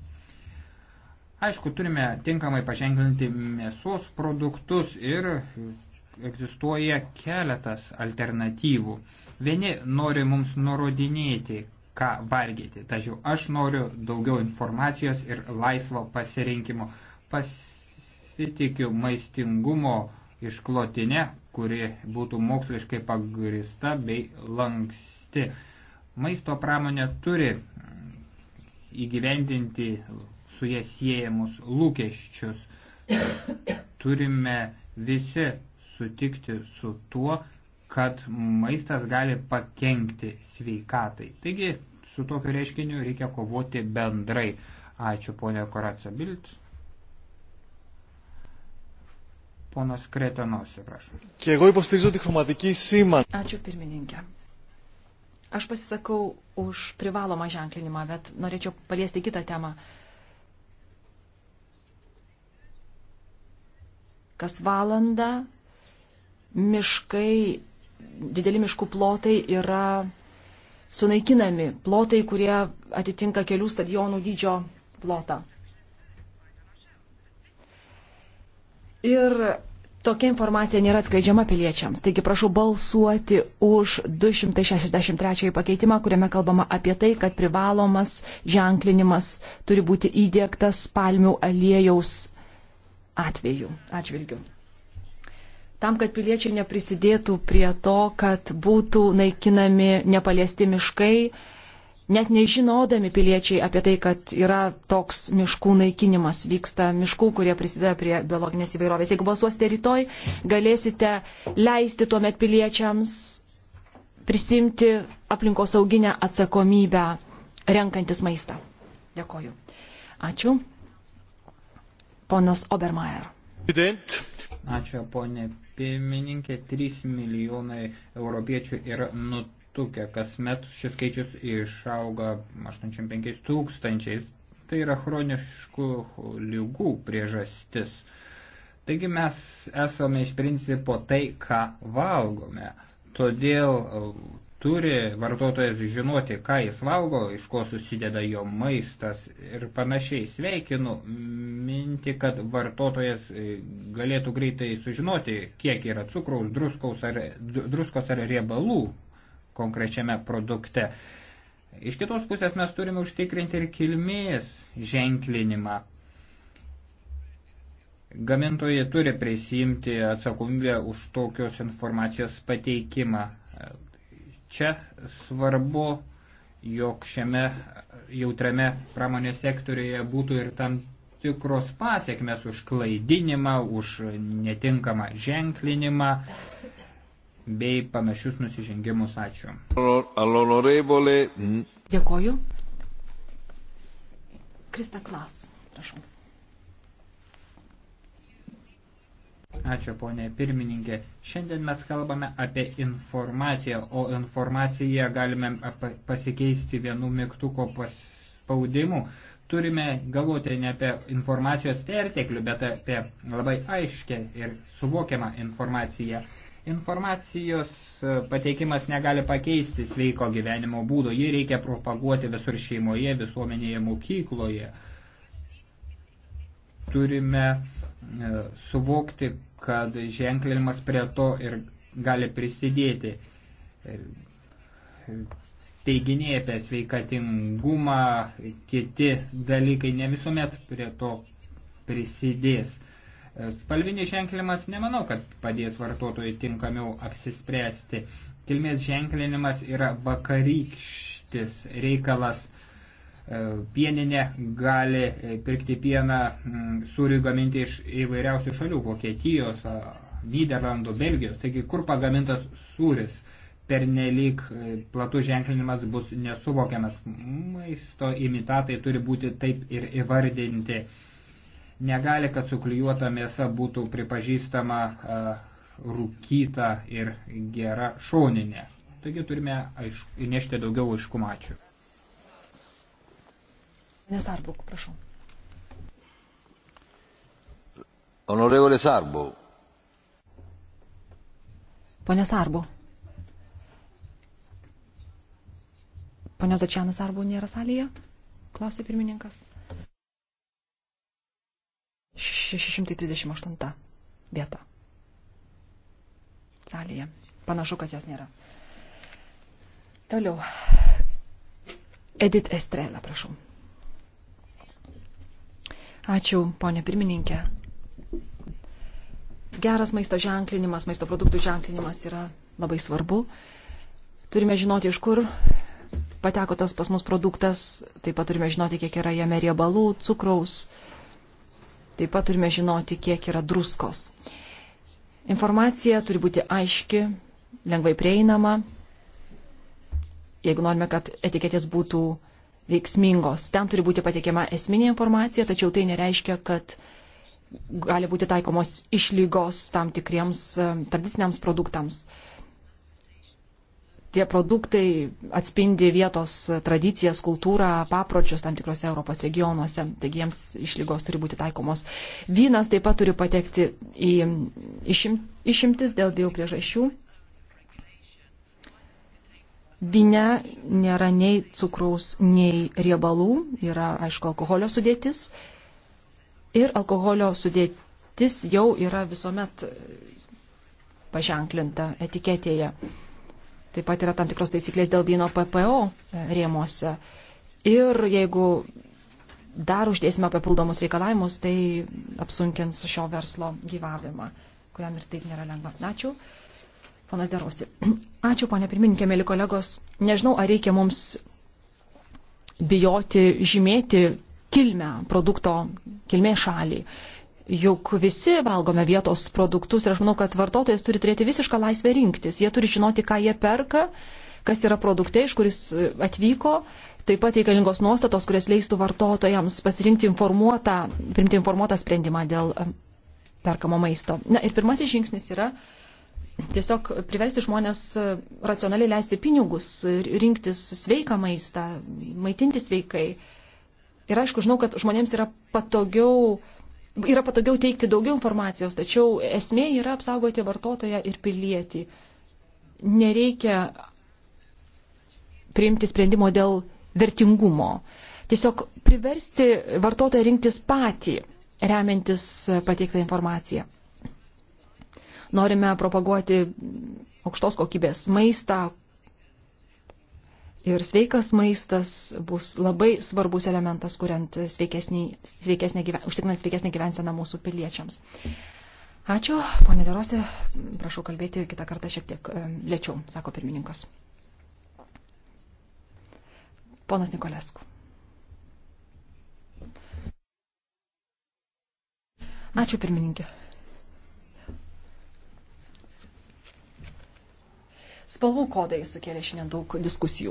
Aišku, turime tinkamai paženklinti mėsos produktus ir egzistuoja keletas alternatyvų. Vieni nori mums nurodinėti, ką valgyti. Tačiau aš noriu daugiau informacijos ir laisvo pasirinkimo. Pasitikiu maistingumo išklotinę, kuri būtų moksliškai pagrista bei lanksti. Maisto pramonė turi įgyvendinti su jie siejamus lūkesčius. Turime visi sutikti su tuo, kad maistas gali pakengti sveikatai. Taigi su tokiu reiškiniu reikia kovoti bendrai. Ačiū ponė Koracija Bild. Ponas Kretenos, prašau. Και εγώ υποστηρίζω τη χρωματική σήμα. Ačiū pirmininkė. Aš pasisakau už privalomą ženklinimą, bet norėčiau paliesti kitą temą. Kas valandą miškai, dideli miškų plotai yra sunaikinami plotai, kurie atitinka kelių stadionų dydžio plotą. Ir tokia informacija nėra atskleidžiama piliečiams. Taigi prašau balsuoti už 263 pakeitimą, kuriame kalbama apie tai, kad privalomas ženklinimas turi būti įdėktas palmių aliejaus atveju. Atžvilgiu tam, kad piliečiai neprisidėtų prie to, kad būtų naikinami nepaliesti miškai, net nežinodami piliečiai apie tai, kad yra toks miškų naikinimas, vyksta miškų, kurie prisideda prie biologinės įvairovės. Jeigu balsuosite rytoj, galėsite leisti tuomet piliečiams prisimti aplinkosauginę atsakomybę renkantis maistą. Dėkoju. Ačiū. Ponas Obermeier. Ačiū, ponė pirmininkė, 3 milijonai europiečių yra nutukę. Kasmet šis skaičius išauga 85 tūkstančiais. Tai yra chroniškų lygų priežastis. Taigi mes esame iš principo tai, ką valgome. Todėl Turi vartotojas žinoti, ką jis valgo, iš ko susideda jo maistas ir panašiai. Sveikinu minti, kad vartotojas e, galėtų greitai sužinoti, kiek yra cukraus, druskos ar, druskos ar riebalų konkrečiame produkte. Iš kitos pusės mes turime užtikrinti ir kilmės ženklinimą. Gamintojai turi prisijimti atsakomybę už tokios informacijos pateikimą. Čia svarbu, jog šiame jautriame pramonės sektoriuje būtų ir tam tikros pasiekmes už klaidinimą, už netinkamą ženklinimą bei panašius nusižengimus. Ačiū. Dėkoju. Krista Klas, prašau. Ačiū, ponė pirmininkė. Šiandien mes kalbame apie informaciją, o informaciją galime pasikeisti vienu mygtuko paspaudimu. Turime galvoti ne apie informacijos perteklių, bet apie labai aiškę ir suvokiamą informaciją. Informacijos e, pateikimas negali pakeisti sveiko gyvenimo būdo, jį reikia propaguoti visur šeimoje, visuomenėje, mokykloje. Turime E, suvokti, kad ženklinimas prie to ir gali prisidėti. E, teiginiai apie sveikatingumą, kiti dalykai ne visuomet prie to prisidės. E, spalvinis ženklinimas nemanau, kad padės vartotojui tinkamiau apsispręsti. Kilmės ženklinimas yra vakarykštis reikalas E, pieninė gali e, pirkti pieną sūriui gaminti iš įvairiausių šalių - Vokietijos, Niderlandų, Belgijos. Taigi, kur pagamintas sūris, pernelyg e, platus ženklinimas bus nesuvokiamas. Maisto imitatai turi būti taip ir įvardinti. Negali, kad suklijuota mėsa būtų pripažįstama rūkyta ir gera šoninė. Taigi turime aišku, nešti daugiau aiškumačių. Nesarbuk, prašau. Honorevole Sarbo. Pone Sarbo. Pone Začianas Sarbo nėra salėje? Klausė pirmininkas. 638 vieta. Salėje. Panašu, kad jos nėra. Toliau. Edith Estrela, prašau. Ačiū, ponė pirmininkė. Geras maisto ženklinimas, maisto produktų ženklinimas yra labai svarbu. Turime žinoti, iš kur pateko tas pas mus produktas, taip pat turime žinoti, kiek yra jame riebalų, cukraus, taip pat turime žinoti, kiek yra druskos. Informacija turi būti aiški, lengvai prieinama. Jeigu norime, kad etiketės būtų veiksmingos. Ten turi būti pateikiama esminė informacija, tačiau tai nereiškia, kad gali būti taikomos išlygos tam tikriems e, tradiciniams produktams. Tie produktai atspindi vietos tradicijas, kultūrą, papročius tam tikrose Europos regionuose, taigi jiems išlygos turi būti taikomos. Vynas taip pat turi patekti į išim, išimtis dėl dviejų priežasčių Vine nėra nei cukraus, nei riebalų, yra, aišku, alkoholio sudėtis. Ir alkoholio sudėtis jau yra visuomet paženklinta etiketėje. Taip pat yra tam tikros taisyklės dėl vyno PPO rėmose. Ir jeigu dar uždėsime papildomus reikalavimus, tai apsunkins šio verslo gyvavimą, kuriam ir taip nėra lengva. Ačiū. Ponas Derosi. (clears throat) Ačiū, ponė pirmininkė, mėly kolegos. Nežinau, ar reikia mums bijoti žymėti kilmę produkto, kilmės šalį. Juk visi valgome vietos produktus ir aš manau, kad vartotojas turi turėti visišką laisvę rinktis. Jie turi žinoti, ką jie perka, kas yra produktai, iš kuris e, atvyko. Taip pat reikalingos nuostatos, kurias leistų vartotojams pasirinkti informuotą, primti informuotą sprendimą dėl e, perkamo maisto. Na ir pirmasis žingsnis yra tiesiog priversti žmonės e, racionaliai leisti pinigus, rinktis sveiką maistą, maitinti sveikai. Ir aišku, žinau, kad žmonėms yra patogiau, yra patogiau teikti daugiau informacijos, tačiau esmė yra apsaugoti vartotoją ir pilietį. Nereikia priimti sprendimo dėl vertingumo. Tiesiog priversti vartotoją rinktis patį, remiantis pateiktą informaciją. Norime propaguoti aukštos kokybės maistą ir sveikas maistas bus labai svarbus elementas, kuriant sveikesnį, sveikesnį gyven, užtikrinant sveikesnį gyvenseną mūsų piliečiams. Ačiū, ponė Derosi, prašau kalbėti kitą kartą šiek tiek e, lėčiau, sako pirmininkas. Ponas Nikolesku. Ačiū pirmininkė. Spalvų kodai sukėlė šiandien daug diskusijų.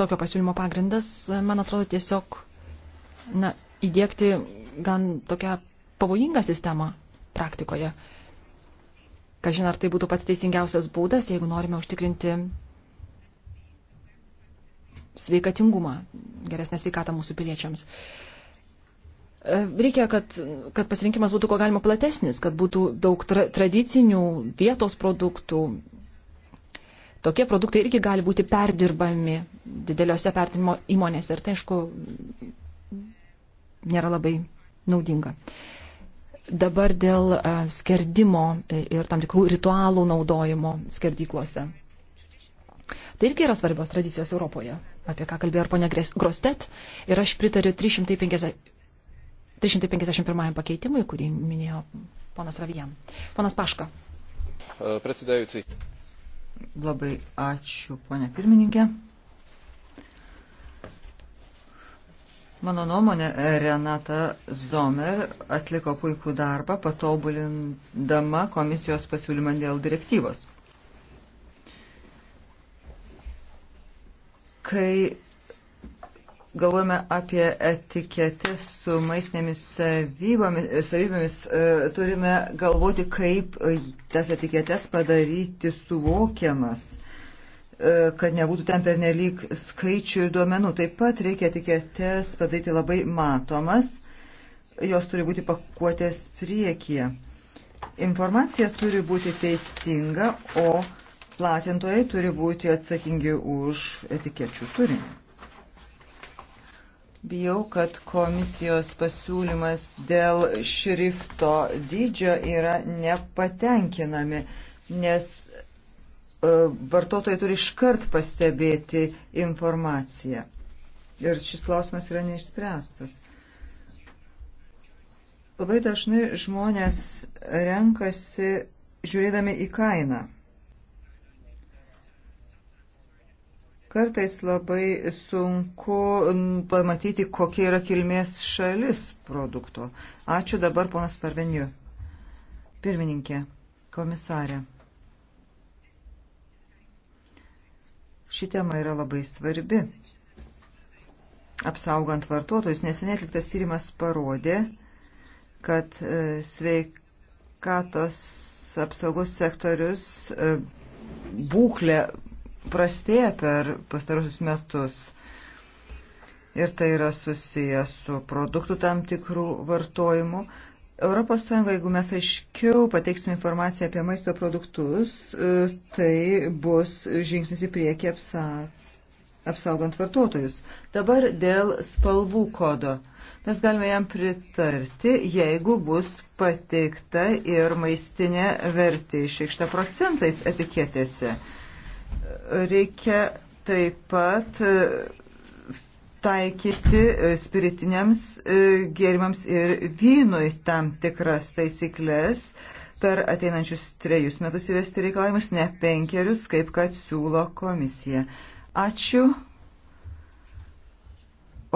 Tokio pasiūlymo pagrindas, man atrodo, tiesiog na, įdėkti gan tokią pavojingą sistemą praktikoje. Kažin ar tai būtų pats teisingiausias būdas, jeigu norime užtikrinti sveikatingumą, geresnę sveikatą mūsų piliečiams. E, Reikia, kad, kad pasirinkimas būtų ko galima platesnis, kad būtų daug tra tradicinių vietos produktų. Tokie produktai irgi gali būti perdirbami dideliuose perdirbimo įmonėse ir tai, aišku, nėra labai naudinga. Dabar dėl e, skerdimo ir tam tikrų ritualų naudojimo skerdyklose. Tai irgi yra svarbios tradicijos Europoje, apie ką kalbėjo ir ponia Grostet. Ir aš pritariu 350 351 pakeitimui, kurį minėjo ponas Ravijan. Ponas Paška. Prasidėjusiai. Labai ačiū, ponė pirmininkė. Mano nuomonė, Renata Zomer atliko puikų darbą, patobulindama komisijos pasiūlymą dėl direktyvos. Kai galvojame apie etiketės su maistinėmis savybėmis, e, turime galvoti, kaip tas etiketės padaryti suvokiamas, e, kad nebūtų ten pernelyg skaičių ir duomenų. Taip pat reikia etiketės padaryti labai matomas, jos turi būti pakuotės priekyje. Informacija turi būti teisinga, o platintojai turi būti atsakingi už etikečių turinį. Bijau, kad komisijos pasiūlymas dėl šrifto dydžio yra nepatenkinami, nes e, vartotojai turi iškart pastebėti informaciją. Ir šis klausimas yra neišspręstas. Labai dažnai žmonės renkasi žiūrėdami į kainą. Kartais labai sunku pamatyti, kokia yra kilmės šalis produkto. Ačiū dabar, ponas Parveniu. Pirmininkė, komisarė. Ši tema yra labai svarbi. Apsaugant vartotojus, neseniai atliktas tyrimas parodė, kad e, sveikatos apsaugos sektorius e, būklė prastėja per pastarusius metus. Ir tai yra susijęs su produktų tam tikrų vartojimu. ES, jeigu mes aiškiau pateiksime informaciją apie maisto produktus, e, tai bus žingsnis į priekį apsa, apsaugant vartotojus. Dabar dėl spalvų kodo. Mes galime jam pritarti, jeigu bus pateikta ir maistinė vertė išreikšta procentais etiketėse. Uh, Reikia taip pat e, taikyti e, spiritiniams e, gėrimams ir vynui tam tikras taisyklės per ateinančius trejus metus įvesti reikalavimus, ne penkerius, kaip kad siūlo komisija. Ačiū.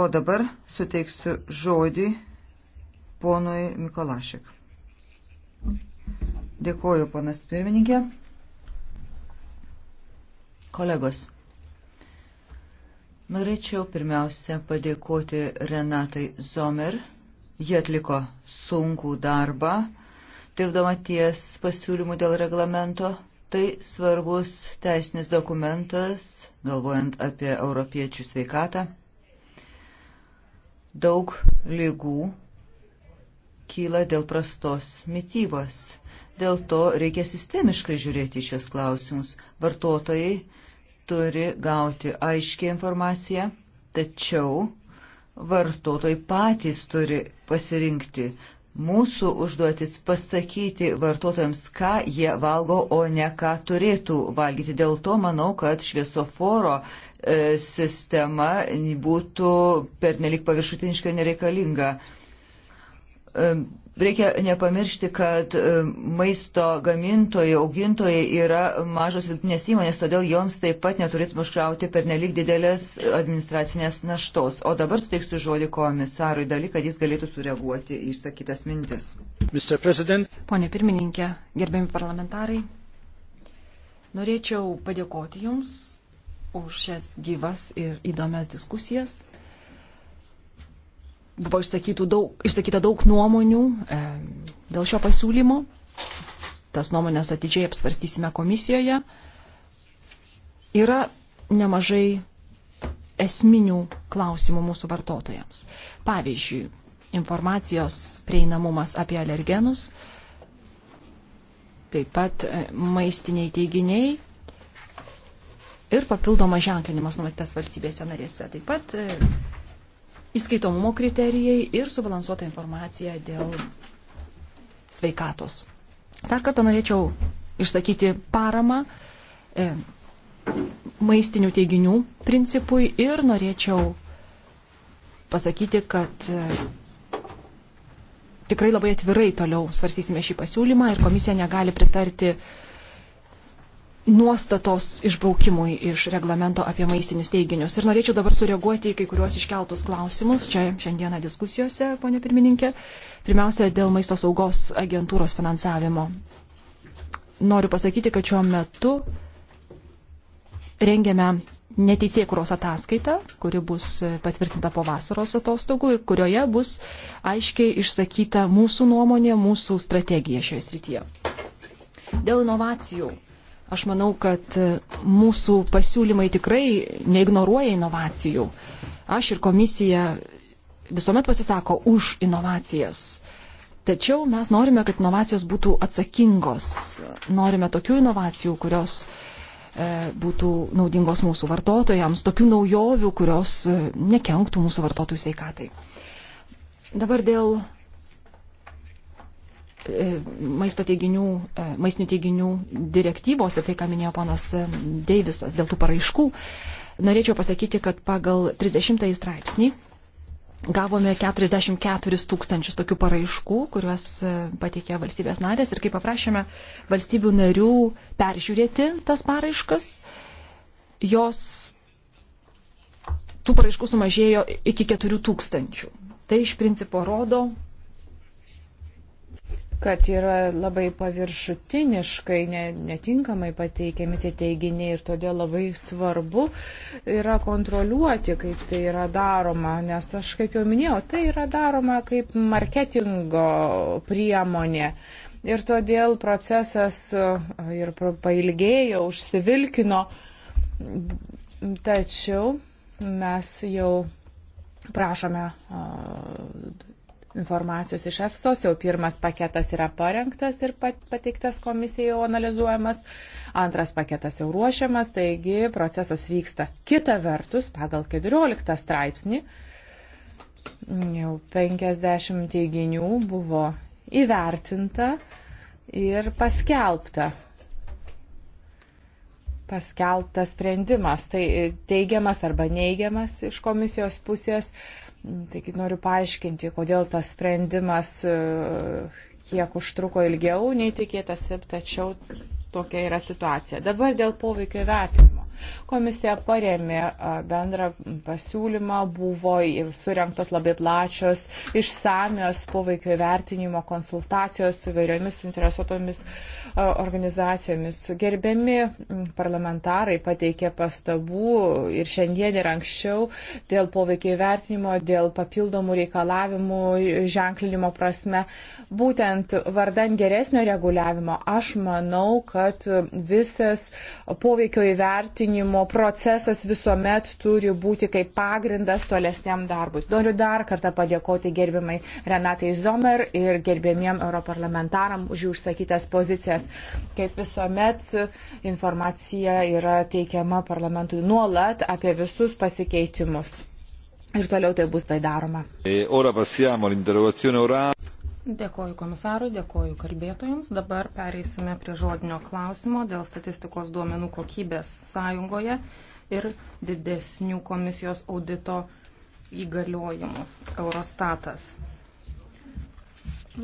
O dabar suteiksiu žodį ponui Mikolašik. Dėkuoju, ponas pirmininkė. Kolegos, norėčiau pirmiausia padėkoti Renatai Zomer. Jie atliko sunkų darbą, dirbdama ties pasiūlymų dėl reglamento. Tai svarbus teisinis dokumentas, galvojant apie europiečių sveikatą. Daug lygų kyla dėl prastos mytybos Dėl to reikia sistemiškai žiūrėti šios klausimus. Vartotojai turi gauti aiškę informaciją, tačiau vartotojai patys turi pasirinkti. Mūsų užduotis pasakyti vartotojams, ką jie valgo, o ne ką turėtų valgyti. Dėl to manau, kad šviesoforo e, sistema būtų pernelik paviršutiniškai nereikalinga. E, Reikia nepamiršti, kad e, maisto gamintojai, augintojai yra mažos vidutinės įmonės, todėl joms taip pat neturėtume užkrauti per nelik didelės administracinės naštos. O dabar suteiksiu žodį komisarui dalį, kad jis galėtų sureaguoti į išsakytas mintis. Pone pirmininkė, gerbiami parlamentarai, norėčiau padėkoti Jums už šias gyvas ir įdomias diskusijas. Buvo daug, išsakyta daug nuomonių e, dėl šio pasiūlymo. Tas nuomonės atidžiai apsvarstysime komisijoje. Yra nemažai esminių klausimų mūsų vartotojams. Pavyzdžiui, informacijos prieinamumas apie alergenus, taip pat e, maistiniai teiginiai ir papildomas ženklinimas numatytas valstybėse narėse. Taip pat e, įskaitomumo kriterijai ir subalansuota informacija dėl sveikatos. Dar kartą norėčiau išsakyti paramą e, maistinių teiginių principui ir norėčiau pasakyti, kad e, tikrai labai atvirai toliau svarstysime šį pasiūlymą ir komisija negali pritarti e, nuostatos išbraukimui iš reglamento apie maistinius teiginius. Ir norėčiau dabar sureaguoti į kai kuriuos iškeltus klausimus čia šiandieną diskusijose, ponė pirmininkė. Pirmiausia, dėl maisto saugos agentūros finansavimo. Noriu pasakyti, kad šiuo metu rengiame neteisėkuros ataskaitą, kuri bus patvirtinta po vasaros atostogų ir kurioje bus aiškiai išsakyta mūsų nuomonė, mūsų strategija šioje srityje. Dėl inovacijų Aš manau, kad e, mūsų pasiūlymai tikrai neignoruoja inovacijų. Aš ir komisija visuomet pasisako už inovacijas. Tačiau mes norime, kad inovacijos būtų atsakingos. Norime tokių inovacijų, kurios e, būtų naudingos mūsų vartotojams, tokių naujovių, kurios e, nekenktų mūsų vartotojų sveikatai. Dabar dėl E, maisto teiginių, e, maistinių teiginių direktyvos ir tai, ką minėjo ponas e, Deivisas dėl tų paraiškų, norėčiau pasakyti, kad pagal 30 straipsnį gavome 44 tūkstančius tokių paraiškų, kuriuos pateikė valstybės narės ir kai paprašėme valstybių narių peržiūrėti tas paraiškas, jos tų paraiškų sumažėjo iki 4 tūkstančių. Tai iš principo rodo, kad yra labai paviršutiniškai, netinkamai pateikiami tie teiginiai ir todėl labai svarbu yra kontroliuoti, kaip tai yra daroma, nes aš, kaip jau minėjau, tai yra daroma kaip marketingo priemonė. Ir todėl procesas e, ir pailgėjo, užsivilkino, tačiau mes jau prašome e, informacijos iš EFSOS, jau pirmas paketas yra parengtas ir pateiktas komisijai jau analizuojamas, antras paketas jau ruošiamas, taigi procesas vyksta. Kita vertus, pagal 14 straipsnį jau 50 teiginių buvo įvertinta ir paskelbta. Paskelbtas sprendimas, tai teigiamas arba neigiamas iš komisijos pusės, uh, Taigi noriu paaiškinti, kodėl tas sprendimas e, kiek užtruko ilgiau nei tikėtasi, tačiau tokia yra situacija. Dabar dėl poveikio vertinimo. Komisija paremė bendrą pasiūlymą, buvo surinktos labai plačios, išsamios poveikio vertinimo konsultacijos su vairiomis interesuotomis organizacijomis. Gerbiami parlamentarai pateikė pastabų ir šiandien ir anksčiau dėl poveikio vertinimo, dėl papildomų reikalavimų ženklinimo prasme. Būtent vardan geresnio reguliavimo aš manau, kad kad visas poveikio įvertinimo procesas visuomet turi būti kaip pagrindas tolesniam darbui. Noriu dar kartą padėkoti gerbimai Renatai Zomer ir gerbėmiem europarlamentaram už jų užsakytas pozicijas. Kaip visuomet informacija yra teikiama parlamentui nuolat apie visus pasikeitimus. Ir toliau tai bus tai daroma. E, Dėkoju komisarui, dėkoju kalbėtojams. Dabar pereisime prie žodinio klausimo dėl statistikos duomenų kokybės sąjungoje ir didesnių komisijos audito įgaliojimų. Eurostatas.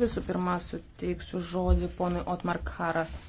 Visų pirma, suteiksiu žodį ponui Otmar Karas.